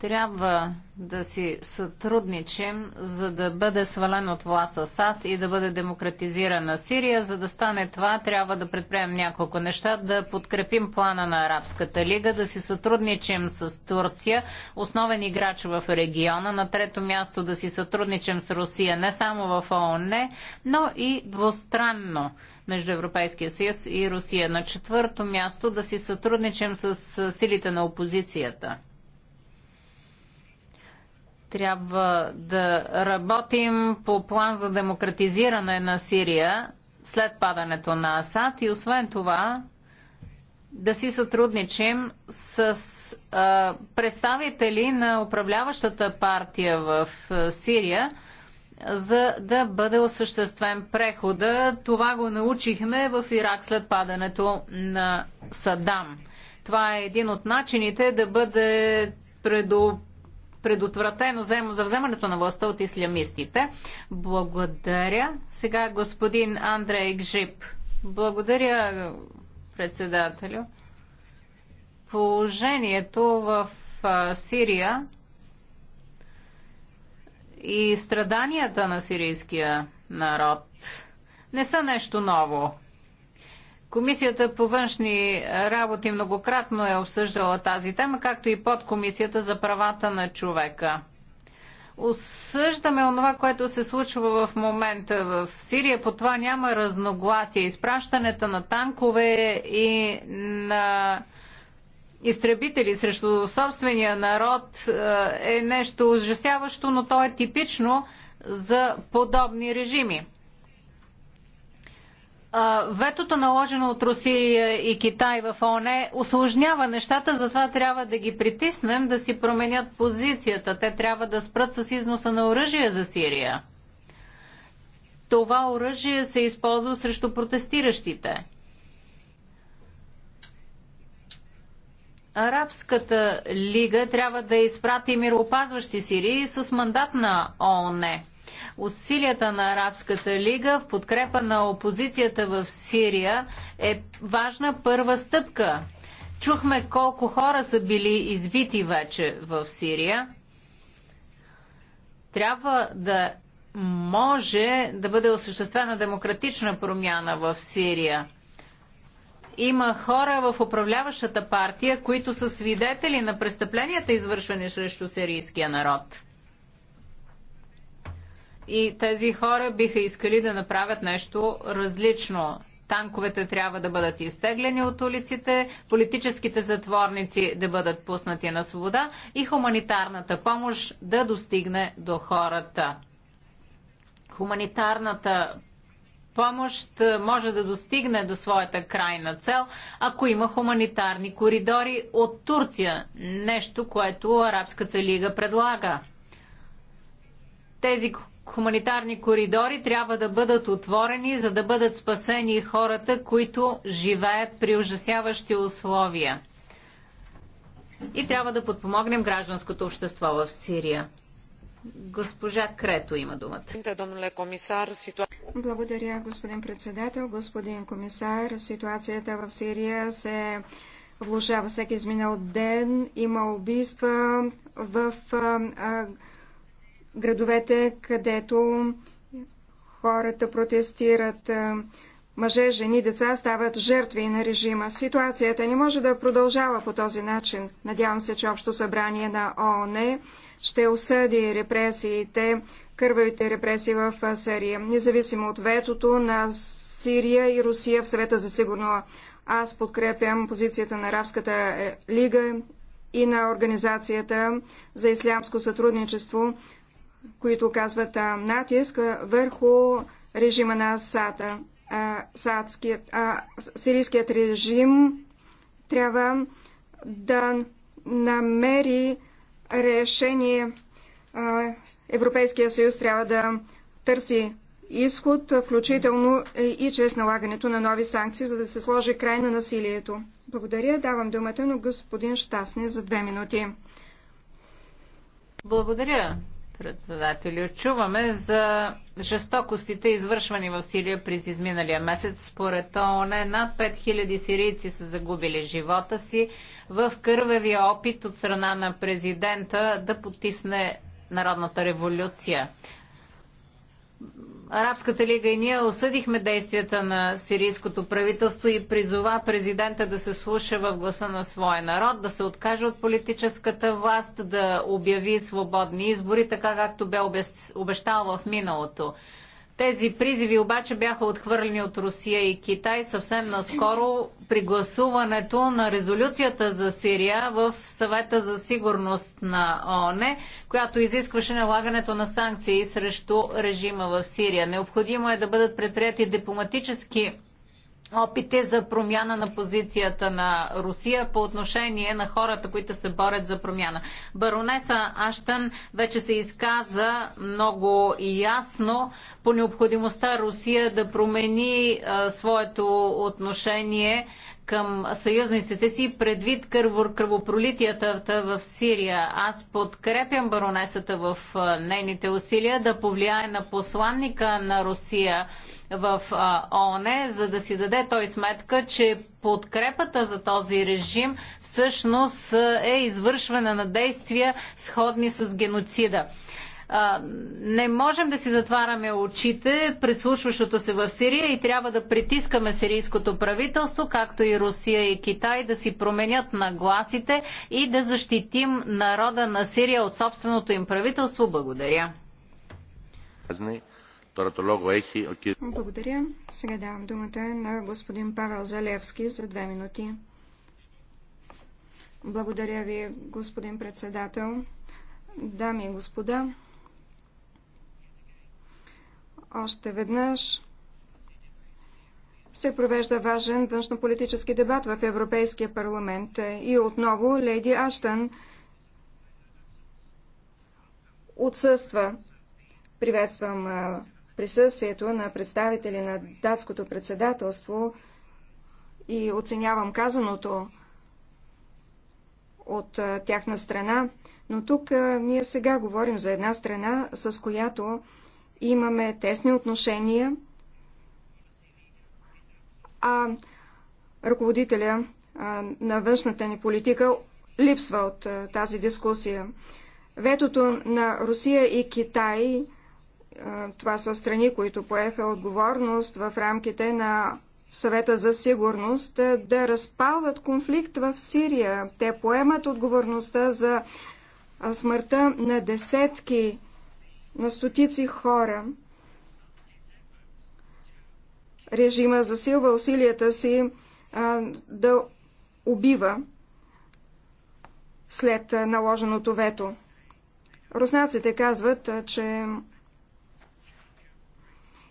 трябва да си сътрудничим, за да бъде свален от власт Асад и да бъде демократизирана Сирия. За да стане това, трябва да предприемем няколко неща, да подкрепим плана на Арабската лига, да си сътрудничим с Турция, основен играч в региона, на трето място да си сътрудничим с Русия, не само в ООН, но и двустранно между Европейския съюз и Русия. На четвърто място да си сътрудничим с силите на опозицията трябва да работим по план за демократизиране на Сирия след падането на Асад и освен това да си сътрудничим с а, представители на управляващата партия в Сирия, за да бъде осъществен прехода. Това го научихме в Ирак след падането на Садам. Това е един от начините да бъде предупреден предотвратено за вземането на властта от ислямистите. Благодаря. Сега господин Андрей Гжип. Благодаря, председателю. Положението в Сирия и страданията на сирийския народ не са нещо ново. Комисията по външни работи многократно е обсъждала тази тема, както и подкомисията за правата на човека. Осъждаме онова, което се случва в момента в Сирия. По това няма разногласие. Изпращането на танкове и на изтребители срещу собствения народ е, е нещо ужасяващо, но то е типично за подобни режими. Ветото наложено от Русия и Китай в ОНЕ осложнява нещата, затова трябва да ги притиснем да си променят позицията. Те трябва да спрат с износа на оръжие за Сирия. Това оръжие се използва срещу протестиращите. Арабската лига трябва да изпрати мироопазващи Сирии с мандат на ООН. Усилията на Арабската лига в подкрепа на опозицията в Сирия е важна първа стъпка. Чухме колко хора са били избити вече в Сирия. Трябва да може да бъде осъществена демократична промяна в Сирия има хора в управляващата партия, които са свидетели на престъпленията, извършвани срещу сирийския народ. И тези хора биха искали да направят нещо различно. Танковете трябва да бъдат изтеглени от улиците, политическите затворници да бъдат пуснати на свобода и хуманитарната помощ да достигне до хората. Хуманитарната помощ може да достигне до своята крайна цел, ако има хуманитарни коридори от Турция, нещо, което Арабската лига предлага. Тези хуманитарни коридори трябва да бъдат отворени, за да бъдат спасени хората, които живеят при ужасяващи условия. И трябва да подпомогнем гражданското общество в Сирия. Госпожа Крето има думата. Благодаря, господин председател. Господин комисар, ситуацията в Сирия се влушава всеки изминал ден. Има убийства в а, градовете, където хората протестират. Мъже, жени, деца стават жертви на режима. Ситуацията не може да продължава по този начин. Надявам се, че Общо събрание на ООН ще осъди репресиите, кървавите репресии в Сирия, независимо от ветото на Сирия и Русия в съвета за сигурно. Аз подкрепям позицията на Арабската е, лига и на Организацията за ислямско сътрудничество, които казват натиск върху режима на Асата. Сирийският режим трябва да намери решение Европейския съюз трябва да търси изход, включително и чрез налагането на нови санкции, за да се сложи край на насилието. Благодаря. Давам думата на господин Штасни за две минути. Благодаря. Председателю, чуваме за жестокостите, извършвани в Сирия през изминалия месец. Според ООН над 5000 сирийци са загубили живота си в кървавия опит от страна на президента да потисне народната революция Арабската лига и ние осъдихме действията на сирийското правителство и призова президента да се слуша в гласа на своя народ, да се откаже от политическата власт, да обяви свободни избори, така както бе обещал в миналото. Тези призиви обаче бяха отхвърлени от Русия и Китай съвсем наскоро при гласуването на резолюцията за Сирия в съвета за сигурност на ООН, която изискваше налагането на санкции срещу режима в Сирия. Необходимо е да бъдат предприяти дипломатически опите за промяна на позицията на Русия по отношение на хората, които се борят за промяна. Баронеса Аштън вече се изказа много ясно по необходимостта Русия да промени а, своето отношение към съюзниците си предвид кръвопролитията в Сирия. Аз подкрепям баронесата в нейните усилия да повлияе на посланника на Русия в ООН, за да си даде той сметка, че подкрепата за този режим всъщност е извършване на действия сходни с геноцида а, не можем да си затваряме очите пред случващото се в Сирия и трябва да притискаме сирийското правителство, както и Русия и Китай, да си променят нагласите и да защитим народа на Сирия от собственото им правителство. Благодаря. Благодаря. Сега давам думата на господин Павел Залевски за две минути. Благодаря ви, господин председател. Дами и господа, още веднъж се провежда важен външнополитически дебат в Европейския парламент. И отново леди Аштън отсъства. Приветствам присъствието на представители на датското председателство и оценявам казаното от тяхна страна, но тук ние сега говорим за една страна, с която имаме тесни отношения, а ръководителя на външната ни политика липсва от тази дискусия. Ветото на Русия и Китай, това са страни, които поеха отговорност в рамките на съвета за сигурност да разпалват конфликт в Сирия. Те поемат отговорността за смъртта на десетки на стотици хора. Режима засилва усилията си а, да убива след наложеното вето. Руснаците казват, че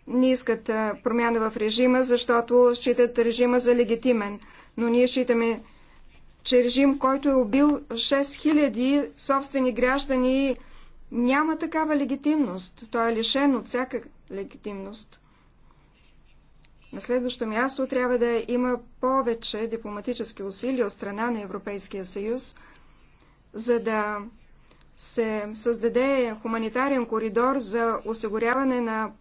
не искат промяна в режима, защото считат режима за легитимен. Но ние считаме, че режим, който е убил 6000 собствени граждани, няма такава легитимност. Той е лишен от всяка легитимност. На следващо място трябва да има повече дипломатически усилия от страна на Европейския съюз, за да се създаде хуманитарен коридор за осигуряване на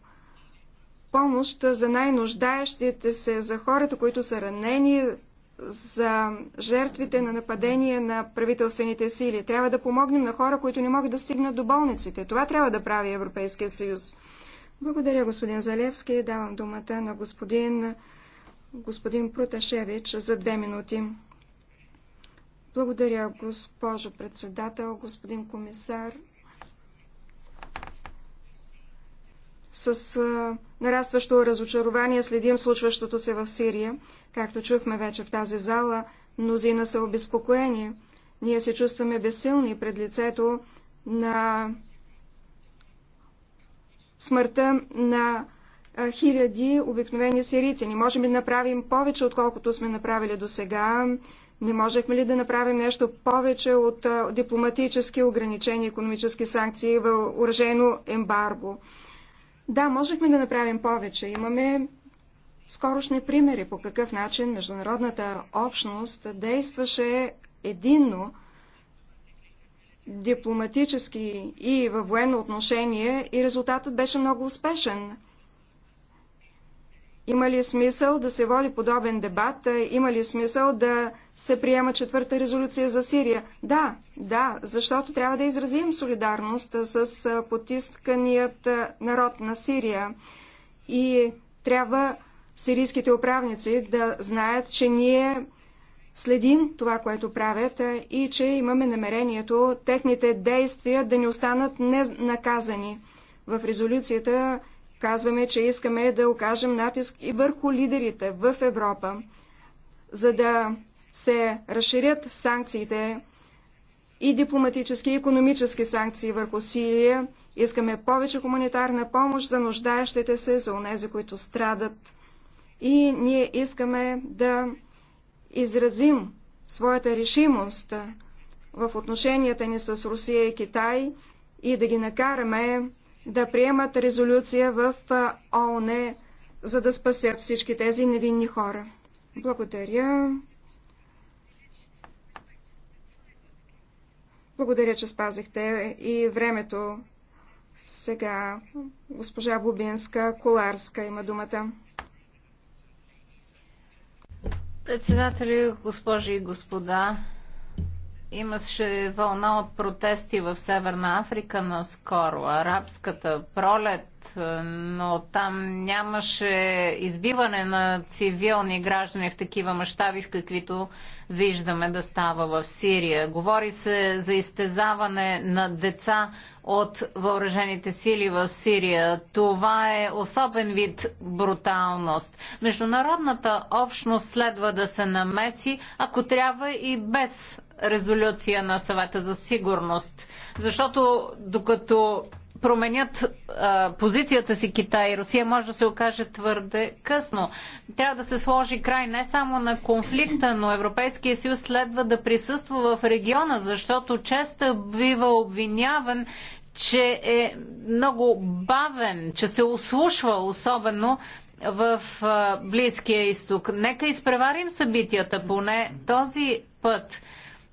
помощ за най-нуждаещите се, за хората, които са ранени, за жертвите на нападение на правителствените сили. Трябва да помогнем на хора, които не могат да стигнат до болниците. Това трябва да прави Европейския съюз. Благодаря, господин Залевски. Давам думата на господин, господин Проташевич за две минути. Благодаря, госпожо председател, господин комисар, С а, нарастващо разочарование следим случващото се в Сирия. Както чухме вече в тази зала, мнозина са обезпокоени. Ние се чувстваме безсилни пред лицето на смъртта на хиляди обикновени сирийци. Не можем ли да направим повече, отколкото сме направили до сега? Не можехме ли да направим нещо повече от дипломатически ограничения, економически санкции, въоръжено ембарго? Да, можехме да направим повече. Имаме скорошни примери по какъв начин международната общност действаше единно дипломатически и във военно отношение и резултатът беше много успешен. Има ли смисъл да се води подобен дебат? Има ли смисъл да се приема четвърта резолюция за Сирия? Да, да, защото трябва да изразим солидарност с потисканият народ на Сирия. И трябва сирийските управници да знаят, че ние следим това, което правят и че имаме намерението техните действия да не останат ненаказани. В резолюцията Казваме, че искаме да окажем натиск и върху лидерите в Европа, за да се разширят санкциите и дипломатически и економически санкции върху Сирия. Искаме повече хуманитарна помощ за нуждаещите се, за онези, които страдат. И ние искаме да изразим своята решимост в отношенията ни с Русия и Китай и да ги накараме да приемат резолюция в ООН, за да спасят всички тези невинни хора. Благодаря. Благодаря, че спазихте и времето. Сега госпожа Бубинска, Коларска има думата. Председатели, госпожи и господа, Имаше вълна от протести в Северна Африка наскоро, арабската пролет, но там нямаше избиване на цивилни граждани в такива мащаби, в каквито виждаме да става в Сирия. Говори се за изтезаване на деца от въоръжените сили в Сирия. Това е особен вид бруталност. Международната общност следва да се намеси, ако трябва и без резолюция на съвета за сигурност. Защото докато променят а, позицията си Китай и Русия, може да се окаже твърде късно. Трябва да се сложи край не само на конфликта, но Европейския съюз следва да присъства в региона, защото често бива обвиняван, че е много бавен, че се ослушва особено в а, Близкия изток. Нека изпреварим събитията, поне този път.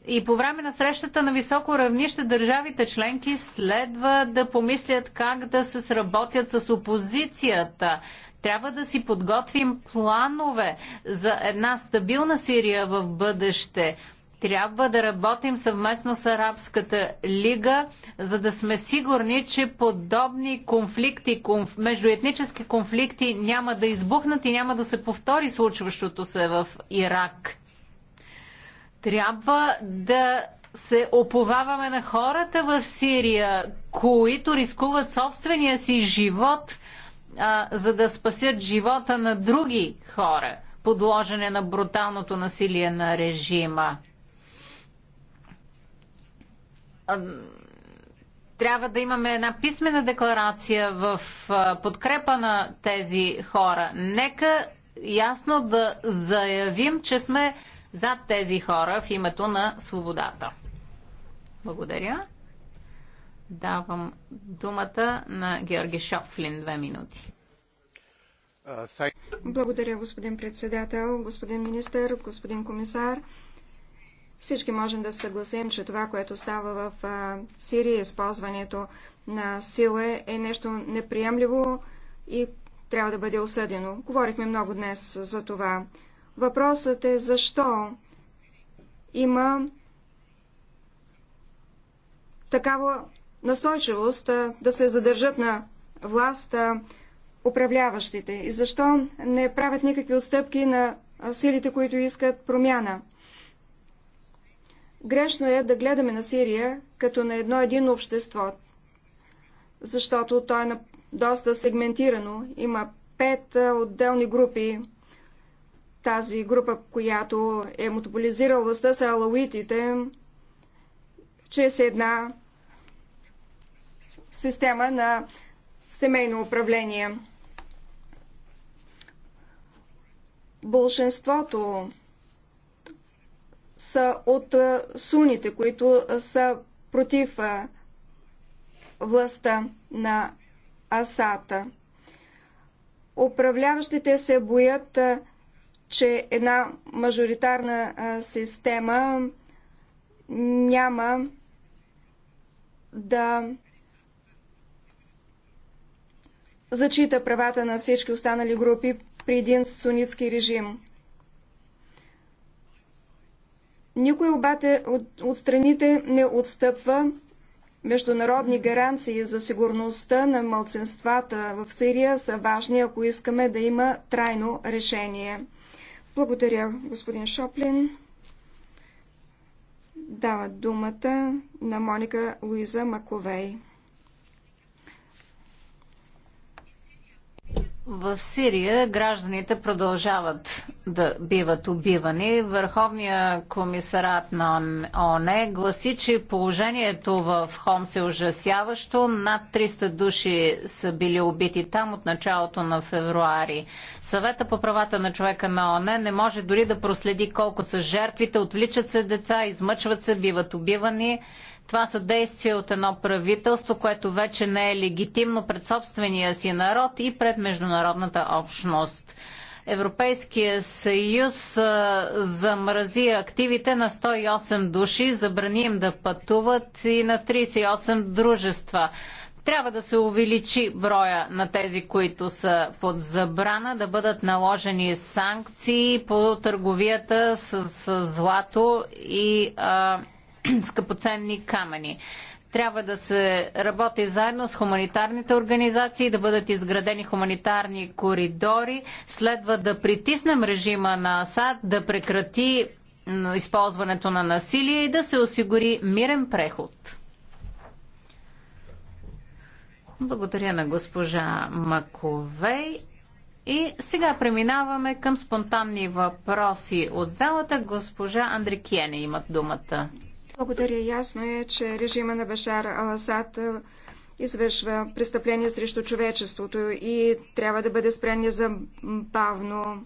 И по време на срещата на високо равнище държавите членки следва да помислят как да се сработят с опозицията. Трябва да си подготвим планове за една стабилна Сирия в бъдеще. Трябва да работим съвместно с Арабската лига, за да сме сигурни, че подобни конфликти, конф... междуетнически конфликти няма да избухнат и няма да се повтори случващото се в Ирак. Трябва да се оповаваме на хората в Сирия, които рискуват собствения си живот, а, за да спасят живота на други хора, подложени на бруталното насилие на режима. Трябва да имаме една писмена декларация в подкрепа на тези хора. Нека ясно да заявим, че сме зад тези хора в името на свободата. Благодаря. Давам думата на Георги Шофлин. Две минути. Благодаря, господин председател, господин министър, господин комисар. Всички можем да съгласим, че това, което става в Сирия, използването на сила е нещо неприемливо и трябва да бъде осъдено. Говорихме много днес за това. Въпросът е защо има такава настойчивост да се задържат на власт управляващите и защо не правят никакви отстъпки на силите, които искат промяна. Грешно е да гледаме на Сирия като на едно един общество, защото то е доста сегментирано. Има пет отделни групи тази група, която е монополизирала властта, са алауитите, чрез една система на семейно управление. Болшинството са от суните, които са против властта на Асата. Управляващите се боят, че една мажоритарна система няма да зачита правата на всички останали групи при един сунитски режим. Никой обаче от, от страните не отстъпва международни гаранции за сигурността на мълцинствата в Сирия са важни, ако искаме да има трайно решение. Благодаря, господин Шоплин. Дава думата на Моника Луиза Маковей. В Сирия гражданите продължават да биват убивани. Върховният комисарат на ОНЕ гласи, че положението в Хомс е ужасяващо. Над 300 души са били убити там от началото на февруари. Съвета по правата на човека на ОНЕ не може дори да проследи колко са жертвите. Отвличат се деца, измъчват се, биват убивани. Това са действия от едно правителство, което вече не е легитимно пред собствения си народ и пред международната общност. Европейския съюз замрази активите на 108 души, забрани им да пътуват и на 38 дружества. Трябва да се увеличи броя на тези, които са под забрана, да бъдат наложени санкции по търговията с, с злато и а, скъпоценни камъни. Трябва да се работи заедно с хуманитарните организации, да бъдат изградени хуманитарни коридори. Следва да притиснем режима на Асад, да прекрати използването на насилие и да се осигури мирен преход. Благодаря на госпожа Маковей. И сега преминаваме към спонтанни въпроси от залата. Госпожа Андрикиене имат думата. Благодаря. Ясно е, че режима на Башар Аласад извършва престъпления срещу човечеството и трябва да бъде спрен незабавно.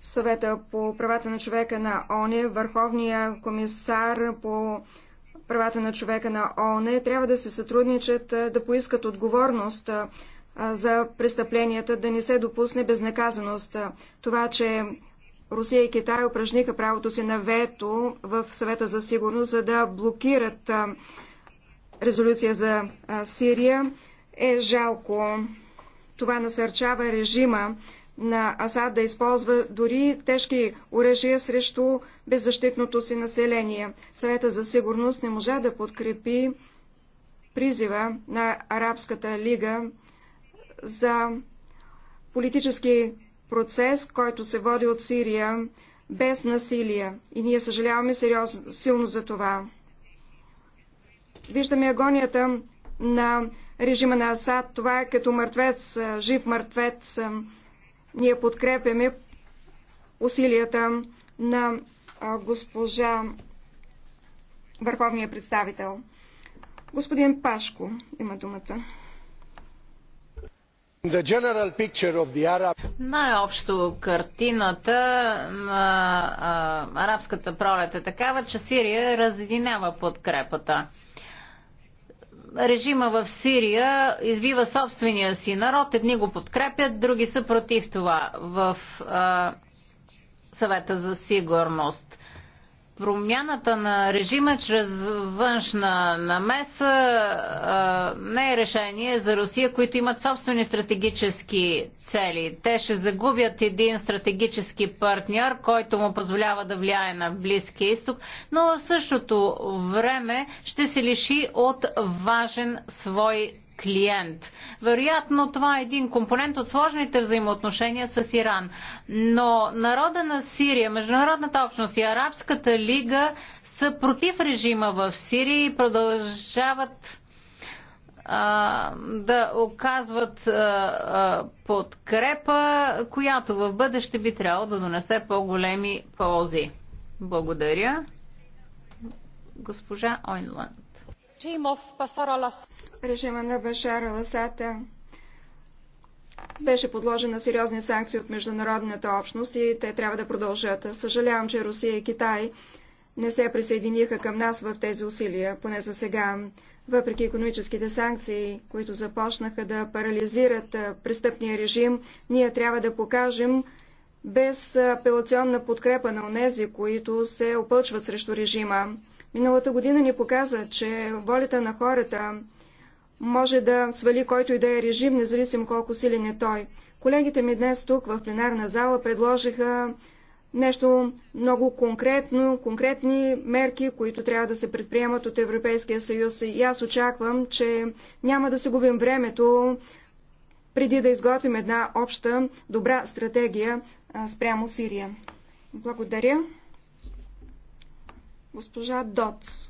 Съвета по правата на човека на ОНЕ, Върховния комисар по правата на човека на ОНЕ трябва да се сътрудничат, да поискат отговорност за престъпленията, да не се допусне безнаказаност. Това, че Русия и Китай упражниха правото си на вето в съвета за сигурност, за да блокират резолюция за Сирия, е жалко. Това насърчава режима на Асад да използва дори тежки оръжия срещу беззащитното си население. Съвета за сигурност не можа да подкрепи призива на Арабската лига за политически процес, който се води от Сирия без насилие. И ние съжаляваме сериозно, силно за това. Виждаме агонията на режима на Асад. Това е като мъртвец, жив мъртвец. Ние подкрепяме усилията на госпожа Върховния представител. Господин Пашко има думата. Най-общо картината на арабската пролет е такава, че Сирия разединява подкрепата. Режима в Сирия избива собствения си народ, едни го подкрепят, други са против това в а, съвета за сигурност промяната на режима чрез външна намеса а, не е решение за Русия, които имат собствени стратегически цели. Те ще загубят един стратегически партньор, който му позволява да влияе на Близкия изток, но в същото време ще се лиши от важен свой клиент. Вероятно това е един компонент от сложните взаимоотношения с Иран. Но народа на Сирия, международната общност и Арабската лига са против режима в Сирия и продължават а, да оказват а, подкрепа, която в бъдеще би трябвало да донесе по-големи ползи. Благодаря. Госпожа Ойнланд. Режима на Башара Ласата беше подложен на сериозни санкции от международната общност и те трябва да продължат. Съжалявам, че Русия и Китай не се присъединиха към нас в тези усилия, поне за сега. Въпреки економическите санкции, които започнаха да парализират престъпния режим, ние трябва да покажем без апелационна подкрепа на онези, които се опълчват срещу режима. Миналата година ни показа, че волята на хората може да свали който и да е режим, независимо колко силен е той. Колегите ми днес тук в пленарна зала предложиха нещо много конкретно, конкретни мерки, които трябва да се предприемат от Европейския съюз. И аз очаквам, че няма да се губим времето преди да изготвим една обща добра стратегия спрямо Сирия. Благодаря. Госпожа Доц.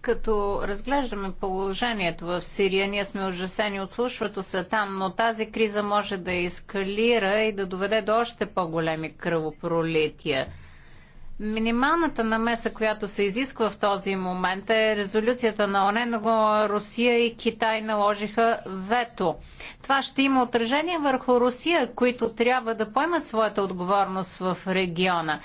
като разглеждаме положението в Сирия, ние сме ужасени от слушването се там, но тази криза може да ескалира и да доведе до още по-големи кръвопролития. Минималната намеса, която се изисква в този момент е резолюцията на ОНЕ, но Русия и Китай наложиха вето. Това ще има отражение върху Русия, които трябва да поемат своята отговорност в региона.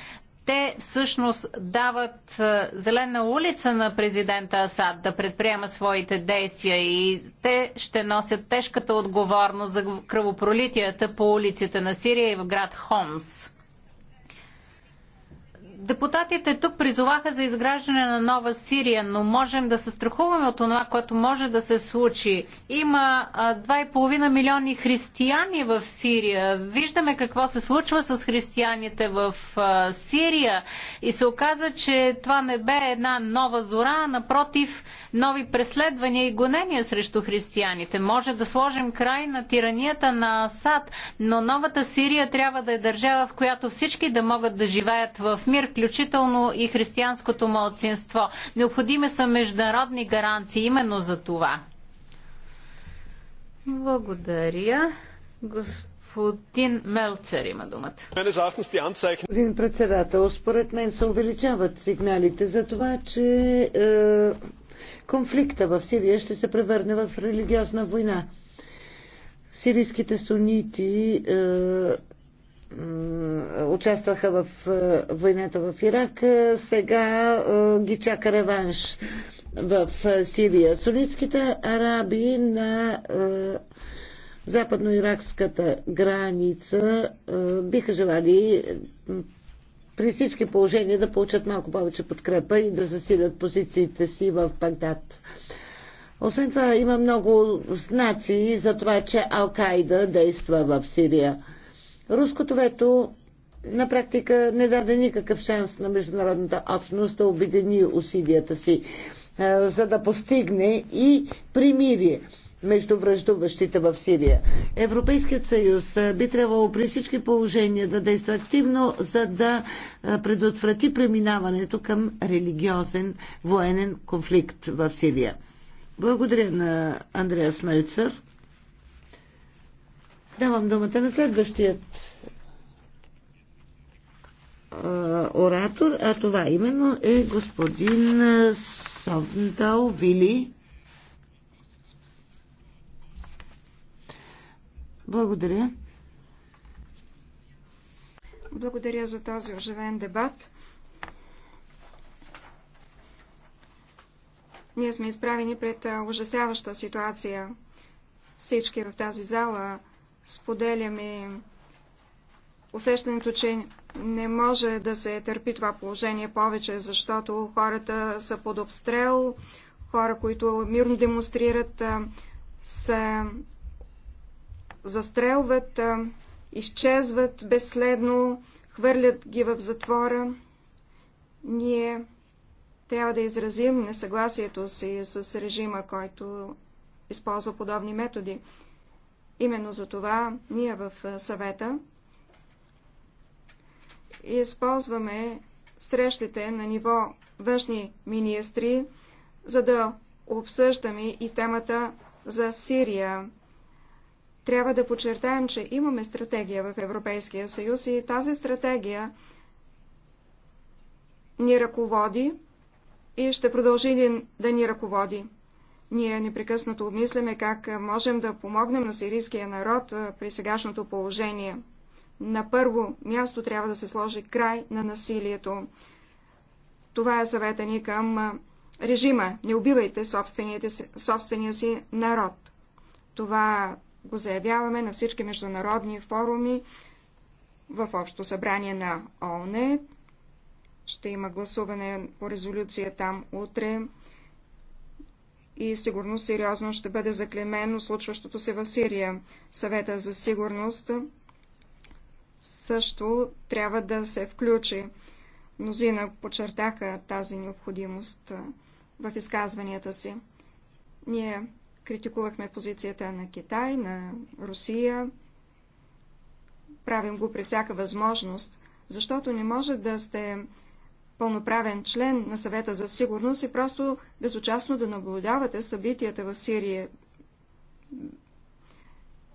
Те всъщност дават е, зелена улица на президента Асад да предприема своите действия и те ще носят тежката отговорност за кръвопролитията по улиците на Сирия и в град Хомс. Депутатите тук призоваха за изграждане на нова Сирия, но можем да се страхуваме от това, което може да се случи. Има 2,5 милиони християни в Сирия. Виждаме какво се случва с християните в Сирия и се оказа, че това не бе една нова зора, а напротив нови преследвания и гонения срещу християните. Може да сложим край на тиранията на Асад, но новата Сирия трябва да е държава, в която всички да могат да живеят в мир включително и християнското младсинство. Необходими са международни гаранции именно за това. Благодаря. Господин Мелцер има думата. Господин председател, според мен се увеличават сигналите за това, че е, конфликта в Сирия ще се превърне в религиозна война. Сирийските сунити е, участваха в е, войната в Ирак, е, сега е, ги чака реванш в Сирия. Сунитските араби на западно-иракската граница биха желали при всички положения да получат малко повече подкрепа и да засилят позициите си в Багдад. Освен това има много знаци за това, че Ал-Кайда действа в Сирия. Руското вето на практика не даде никакъв шанс на международната общност да обедини усилията си, е, за да постигне и примирие между връждуващите в Сирия. Европейският съюз е, би трябвало при всички положения да действа активно, за да е, предотврати преминаването към религиозен военен конфликт в Сирия. Благодаря на Андреас Мельцер. Давам думата на следващият оратор, а това именно е господин Совнтал Вили. Благодаря. Благодаря за този оживен дебат. Ние сме изправени пред ужасяваща ситуация. Всички в тази зала споделяме усещането, че не може да се търпи това положение повече, защото хората са под обстрел, хора, които мирно демонстрират, се застрелват, изчезват безследно, хвърлят ги в затвора. Ние трябва да изразим несъгласието си с режима, който използва подобни методи. Именно за това ние в съвета използваме срещите на ниво външни министри, за да обсъждаме и темата за Сирия. Трябва да подчертаем, че имаме стратегия в Европейския съюз и тази стратегия ни ръководи и ще продължи да ни ръководи. Ние непрекъснато обмисляме как можем да помогнем на сирийския народ при сегашното положение. На първо място трябва да се сложи край на насилието. Това е съвета ни към режима. Не убивайте собствения си народ. Това го заявяваме на всички международни форуми в Общо събрание на ООН. Ще има гласуване по резолюция там утре и сигурно сериозно ще бъде заклемено случващото се в Сирия. Съвета за сигурност също трябва да се включи. Мнозина подчертаха тази необходимост в изказванията си. Ние критикувахме позицията на Китай, на Русия. Правим го при всяка възможност, защото не може да сте пълноправен член на съвета за сигурност и просто безучастно да наблюдавате събитията в Сирия.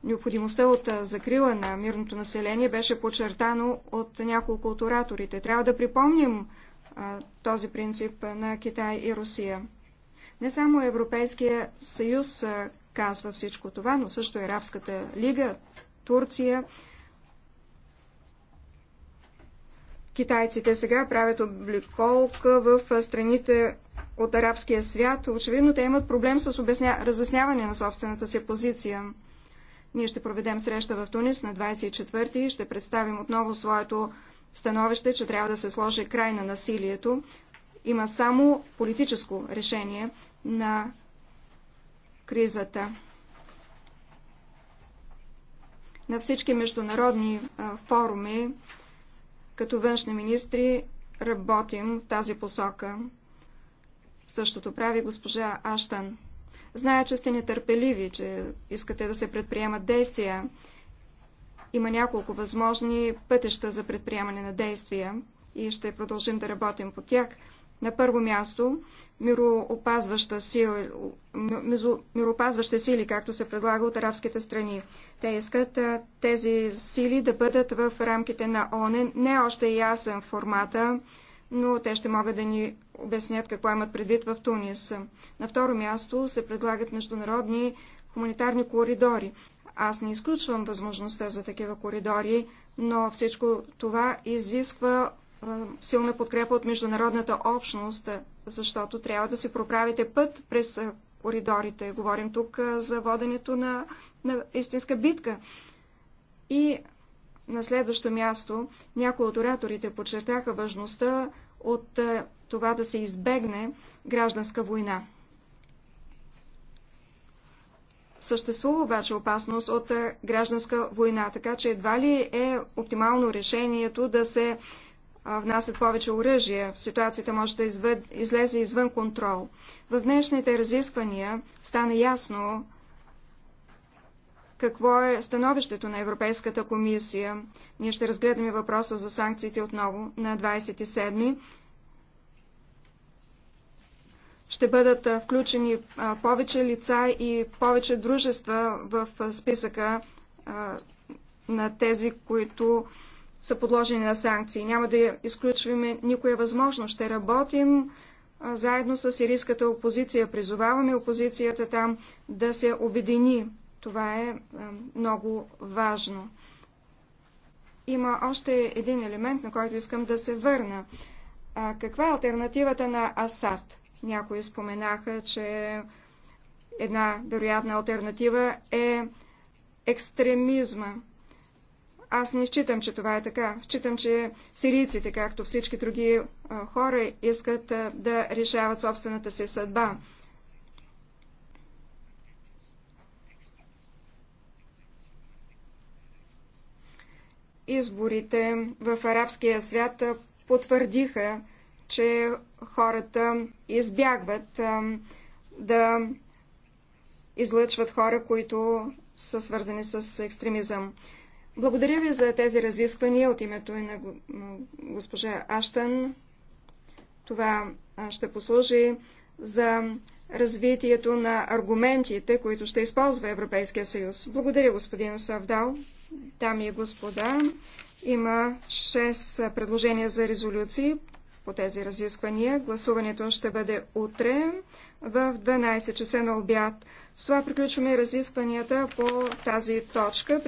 Необходимостта от закрила на мирното население беше подчертано от няколко от ораторите. Трябва да припомним този принцип на Китай и Русия. Не само Европейския съюз казва всичко това, но също и Арабската лига, Турция Китайците сега правят обликолка в страните от арабския свят. Очевидно те имат проблем с обясня... разясняване на собствената си позиция. Ние ще проведем среща в Тунис на 24 и ще представим отново своето становище, че трябва да се сложи край на насилието. Има само политическо решение на кризата. На всички международни форуми като външни министри работим в тази посока. Същото прави госпожа Аштан. Зная, че сте нетърпеливи, че искате да се предприемат действия. Има няколко възможни пътища за предприемане на действия и ще продължим да работим по тях. На първо място, мироопазваща сила, мироопазващи сили, както се предлага от арабските страни. Те искат тези сили да бъдат в рамките на ОНЕ. Не още ясен формата, но те ще могат да ни обяснят какво имат предвид в Тунис. На второ място се предлагат международни хуманитарни коридори. Аз не изключвам възможността за такива коридори, но всичко това изисква силна подкрепа от международната общност, защото трябва да се проправите път през коридорите. Говорим тук за воденето на, на истинска битка. И на следващо място някои от ораторите подчертаха важността от това да се избегне гражданска война. Съществува обаче опасност от гражданска война, така че едва ли е оптимално решението да се внасят повече оръжие, ситуацията може да извед, излезе извън контрол. В днешните разисквания стана ясно какво е становището на Европейската комисия. Ние ще разгледаме въпроса за санкциите отново на 27 ми ще бъдат включени повече лица и повече дружества в списъка на тези, които са подложени на санкции. Няма да изключваме никоя възможност. Ще работим заедно с сирийската опозиция. Призоваваме опозицията там да се обедини. Това е много важно. Има още един елемент, на който искам да се върна. Каква е альтернативата на Асад? Някои споменаха, че една вероятна альтернатива е екстремизма. Аз не считам, че това е така. Считам, че сирийците, както всички други хора, искат да решават собствената си съдба. Изборите в арабския свят потвърдиха, че хората избягват да излъчват хора, които са свързани с екстремизъм. Благодаря ви за тези разисквания от името и на госпожа Аштън. Това ще послужи за развитието на аргументите, които ще използва Европейския съюз. Благодаря, господин Савдал. Дами и господа, има 6 предложения за резолюции по тези разисквания. Гласуването ще бъде утре в 12 часа на обяд. С това приключваме разискванията по тази точка.